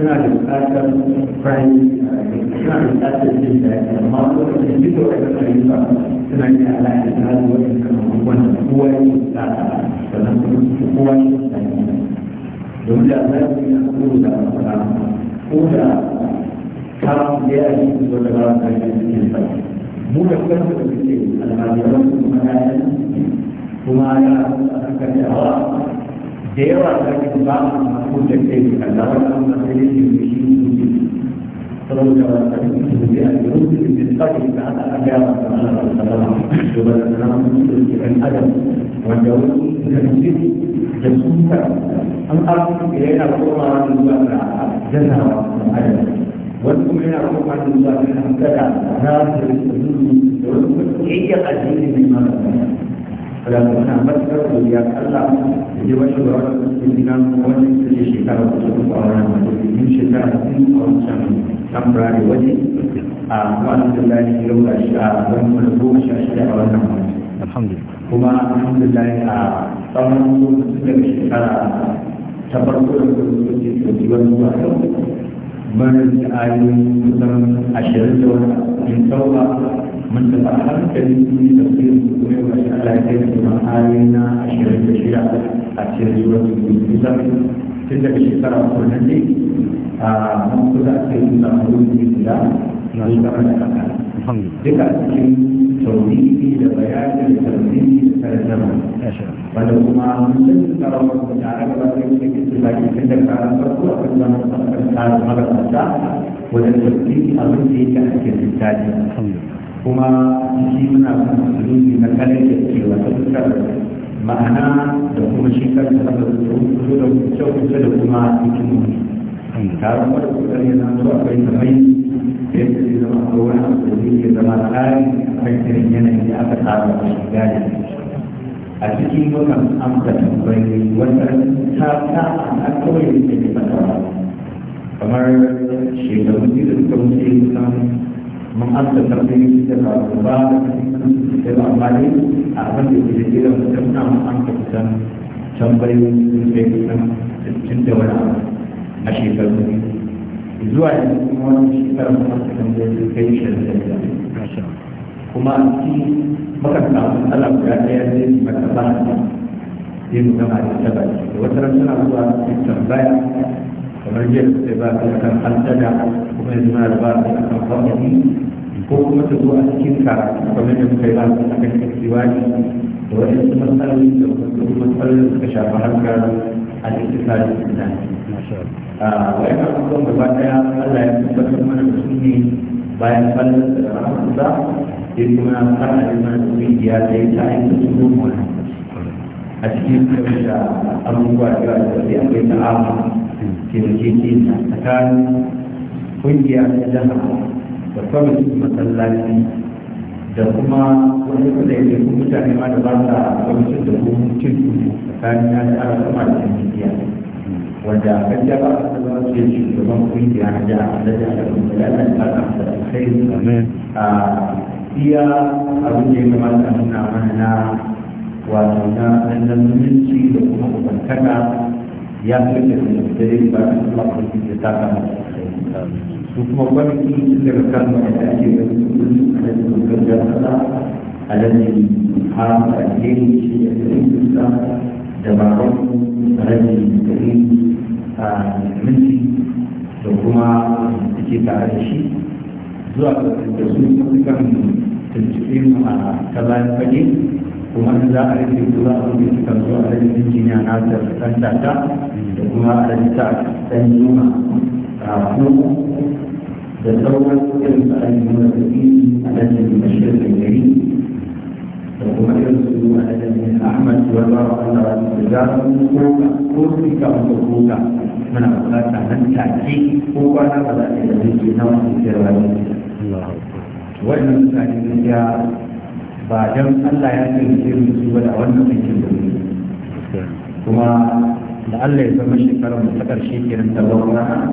A: suna da bukatar prime suna da bukatar jin daɗi amma lokacin duk da wani suna alaƙa da kowa kuma kowa yi domin da yi da ko da ta ya yi ba ta yi mu da da suke kuma ya yi kuma ya a da yawa da ke ba a masu da kai da Allah wannan matsayin da ke shi ne saboda abin da ya yi rubutun da tsaki da aka ga ba Allah sallallahu alaihi wa sallam da ba da nan da kan adam wanda wani da shi da sunta an abu da yana komawa zuwa ga jannawa adam wani kuma yana komawa zuwa ga hankala na da zuwa da wani kuma yake addini ne ma ولكن أنا أمسك وياك الله اللي وشو رأيك من المؤمن في الشكارة وشو قرانا من شكارة can temporary waje a alhamdulillah yau ga shi a wani mulku shi shi a wannan waje alhamdulillah kuma alhamdulillah a tsawon lokacin daga shekara ta farko da kuma ke tsoki wani zuwa yau mana da ayoyin kusan ashirin da wani in tsawa من تفهم كلمة تفسير سورة وشأل كلمة محالنا أشياء الشيعة أشياء سورة الكتاب تلك الشكرة كلها نقصد أشياء تفهم بالله duka cikin tauridi da bayani da tauridi da tarjama wanda kuma ke da wajen kuma shi muna musulunci na kanin da ke wata dukkan ma'ana da kuma shi kansa da kusa da kusa kusa da kuma hikimomi taron wata kusan zuwa kai ya ce zama wani abu zai zama tsari a kan yanayin da aka tsara a a cikin mukan amsa tambayi wata ta ta a kawai da ke fata kamar shekaru da suka wuce kusan من أنت تقديم a والرباء الشجرة المالي أعمل بجديد وتمنع من أنت تسن تنبري وتسن تنتهي ولا أشيك المدير zuwa yanzu kuma wani shekarar kuma ta tambayi kai shi da kuma a ciki maka samu matsala guda ɗaya ne maka ba ta sai mu gama kamar jiya da ba su kan hantada kuma yanzu na da ba su kan fahimi ko kuma ta zo a cikin karatu kamar da muka yi ba a kan kiwani da waɗansu matsaloli da wasu matsaloli da suka shafi harkar al'ikisar islam wa'yan abubuwan gaba ɗaya allah ya tabbatar mana da su ne bayan fallon da rahamarsa sai kuma fara da mana da kungiya da ya ta aiki su goma a cikin kawai da abubuwa da yawa da wasu akwai ta'amu taimakekeniya tsakanin kungiya ta jama'a da kwamitin masallaci da kuma wani kuma yake kuma mutane ma da ba sa kwamitin da kuma cin tudu tsakanin ya da ala sama da jam'iyya wanda gaskiya ba a saba su yi shugaban kungiya na da alaji a kan da kuma ta kan da alkhairi a iya abin da ya kamata nuna mana na wato na ɗanɗan zumunci da kuma ubantaka ya fi da kuma da ya ba a saba da ta kama da alkhairi su kuma wani sun daga kan da ake ganin sun a da sun da sana a lalli ha a gini shi a cikin kusa da ba bakon a lalli da yin a minti da kuma da ke tare da shi zuwa da su sukan tuntuɓe mu a kazayen fage kuma in za a rike su a rike su kan zuwa a lalli injiniya na da ɗan tata da kuma a lalli ta ɗan yuma كافور تزوج كيف أن يمثلين أدب المشرق الكريم وكما يرسل أدب أحمد والبراء أن التجارة مفروضة كرسك مفروضة من أخلاق من تعجيب هو أنا بدأ إلى ذلك نوع الجواب وإن المساعدين جاء بعد الله يأتي بسير ولا أولنا من كل kuma da Allah ya zama shekarar da ta ƙarshe kiran ta zauna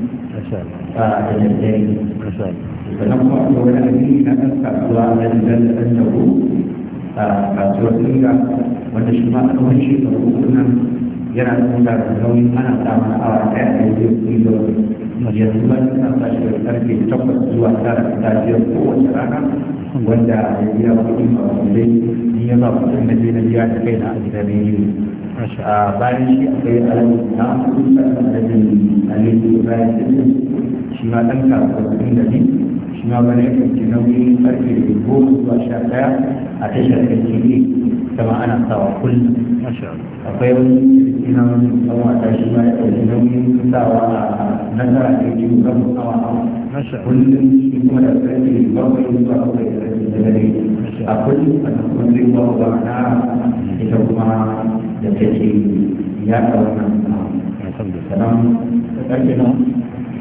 A: فجلدين فلما أقول أبي أن أسعى أجل wanda shi ma a tsawon shekaru uku nan yana tsunda da nauyin ana samun awa ɗaya a yau tsira yanzu ba ta sa shi da karfe takwas zuwa tara safiyar kowace rana wanda ya biya kuɗi a wanda ya ba kuɗin na biya da kaina a gidan rediyo bayan shi akwai alamu na kusa da jin aliyu bayan jirgin shi ma ɗan kasuwancin da ni shi ma bane ya kanci nauyin karfe goma zuwa sha ɗaya a tashar da jirgi kama ana sawa kullum akwai wani jirgi na wani ɗan wata shi ma ya kanci nauyin sawa a nasara da jirgin kan hawa kullum shi kuma da karfe bakwai zuwa bakwai da karfe da dare a kullum a nan kuma zai bawa ba na ita kuma da take yaɗa sannan ta na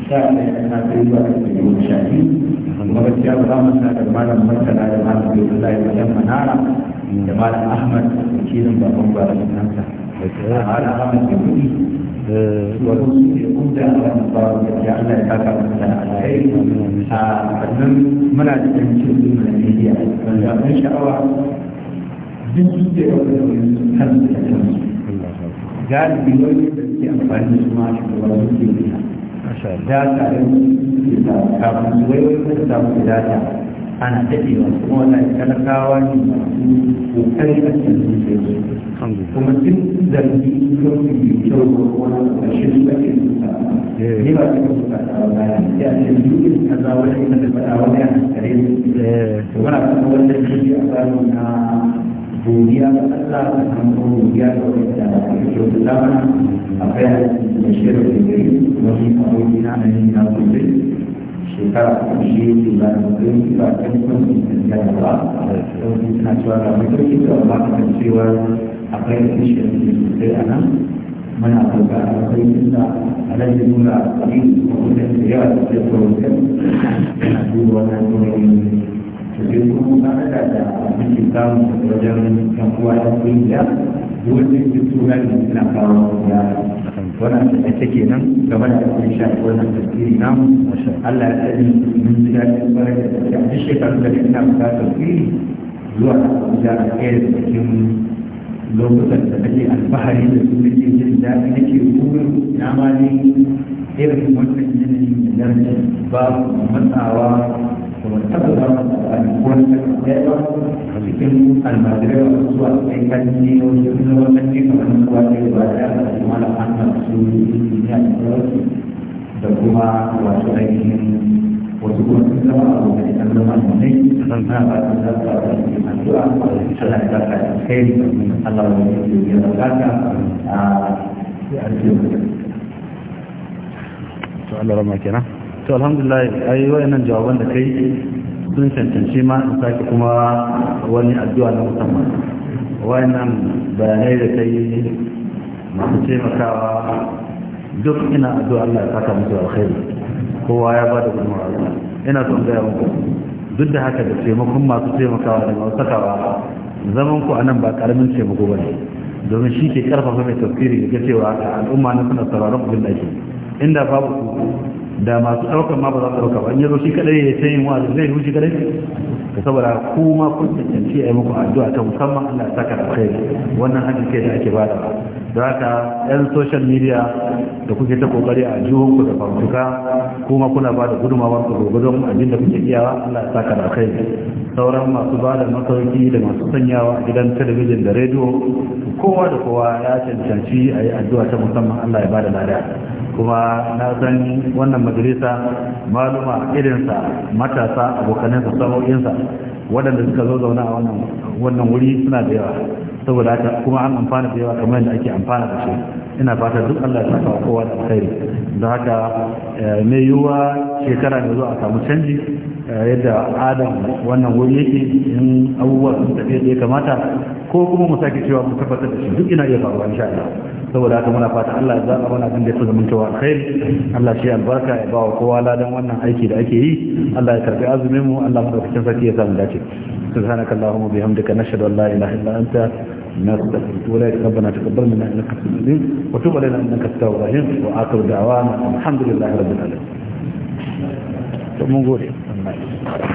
A: sha ɗaya kai zuwa da ke yi sha biyu kuma gaskiya ba za mu sa da malam da malam bai kula manara da malam ahmad baban gwara da malam ahmad da kuɗi eh, su ne baro da ya Allah ya kaka mu da alkai a ah, sannan muna da ɗan cin da sha'awa duk da da yanzu wani amfani da su ma shugaban da wani da ana daɗewa kuma wani talakawa ne masu kokari a cikin zuciyarsu kuma duk da ni kan yi kyau ko wani ƙarshe su ake suka ne ba su ka suka ta bayan ya ce da kaza wani da faɗa wani a kare su wani a kuma wanda ke a tsarin na godiya ga Allah a kan godiya ga wanda ya kyautu dama a bayan da shirin da gari wani aboki na nan ne na gobe shekara a ƙarshe da ba da gari ba kan kwanci da jarawa wani suna cewa ga mutum ita ba ka kan cewa akwai ƙarshen da sosai a nan muna kauka a akwai tunda a nan da nuna a ƙari da kuma da yawa da kuma yana duba wannan yanayin sai su na da da muke samu wajen yan ta yan kungiya dole su suna da wannan da take nan game da abin sha wannan tafsiri namu Allah ya tsari mun ji daɗin kwarai da gaske a duk shekarun da ina fita tafsiri zuwa Abuja a ɗaya daga lokutan da nake alfahari da su nake jin daɗi nake burin na ma ne irin wannan yanayin da nan ba matsawa واتقوا أن يكون أيضا cikin almajirai wasu zuwa sai kanci wasu kuma wannan ne kamar kuwa ne ba da kuma al'amma su duniya da kuma wasu aikin wasu kuma sun zama abokan kan zama ne don na ba su za su ba su addu'a Allah ya baka da kai Allah ya yi ya baka a aljihu to Allah rama to alhamdulillah ai wayannan jawaban da kai sun cancanci ma in sake kuma wani addu'a na musamman wayannan bayanai da kai masu taimakawa duk ina addu'a Allah ya saka musu alkhairi kowa ya ba da gudunmawa ina son gaya muku duk da haka da taimakon masu taimakawa da masu sakawa zaman ku anan ba karamin taimako ba ne domin shi ke karfafa mai tafsiri ga cewa al'umma na suna sauraron abin da ake inda babu da masu ɗaukar ma ba za su ɗauka ba in yazo shi kadai ya sai yin wa'azi zai rushi kadai ka saboda ku ma kun tantance a muku addu'a ta musamman Allah ya saka kai wannan hadin kai da ake bada da haka yan social media da kuke ta kokari a jihun ku da fafuka kuma kuna bada gudumawa ku gudun abin da kuke iyawa Allah ya saka kai sauran masu bada masauki da masu sanyawa a gidan talabijin da rediyo
B: kowa da kowa ya
A: cancanci a yi addu'a ta musamman Allah ya bada lada kuma na san wannan majalisa maluma irinsa matasa abokanansa sahohinsa waɗanda suka zo zauna a wannan wuri suna da yawa saboda haka kuma an amfana da yawa kamar yadda ake amfana da shi ina fata duk Allah ya saka kowa da alkhairi da haka eh, me yiwuwa shekara da zuwa a samu canji eh, yadda adam wannan wuri yake in abubuwa sun tafi da ya kamata ko kuma mu sake cewa mu tabbatar da shi duk ina iya faruwa insha Allah saboda haka muna fata Allah ya zaba a abin da ya zama cewa alkhairi Allah shi albarka ya bawa kowa ladan wannan aiki da ake yi Allah ya karbi azumin mu Allah madaukakin sarki ya samu dace سبحانك اللهم وبحمدك نشهد ان لا اله الا انت نستغفرك ولك ربنا تقبل منا Wa انت العليم وتب علينا انك التواب الرحيم واخر دعوانا الحمد لله رب العالمين. من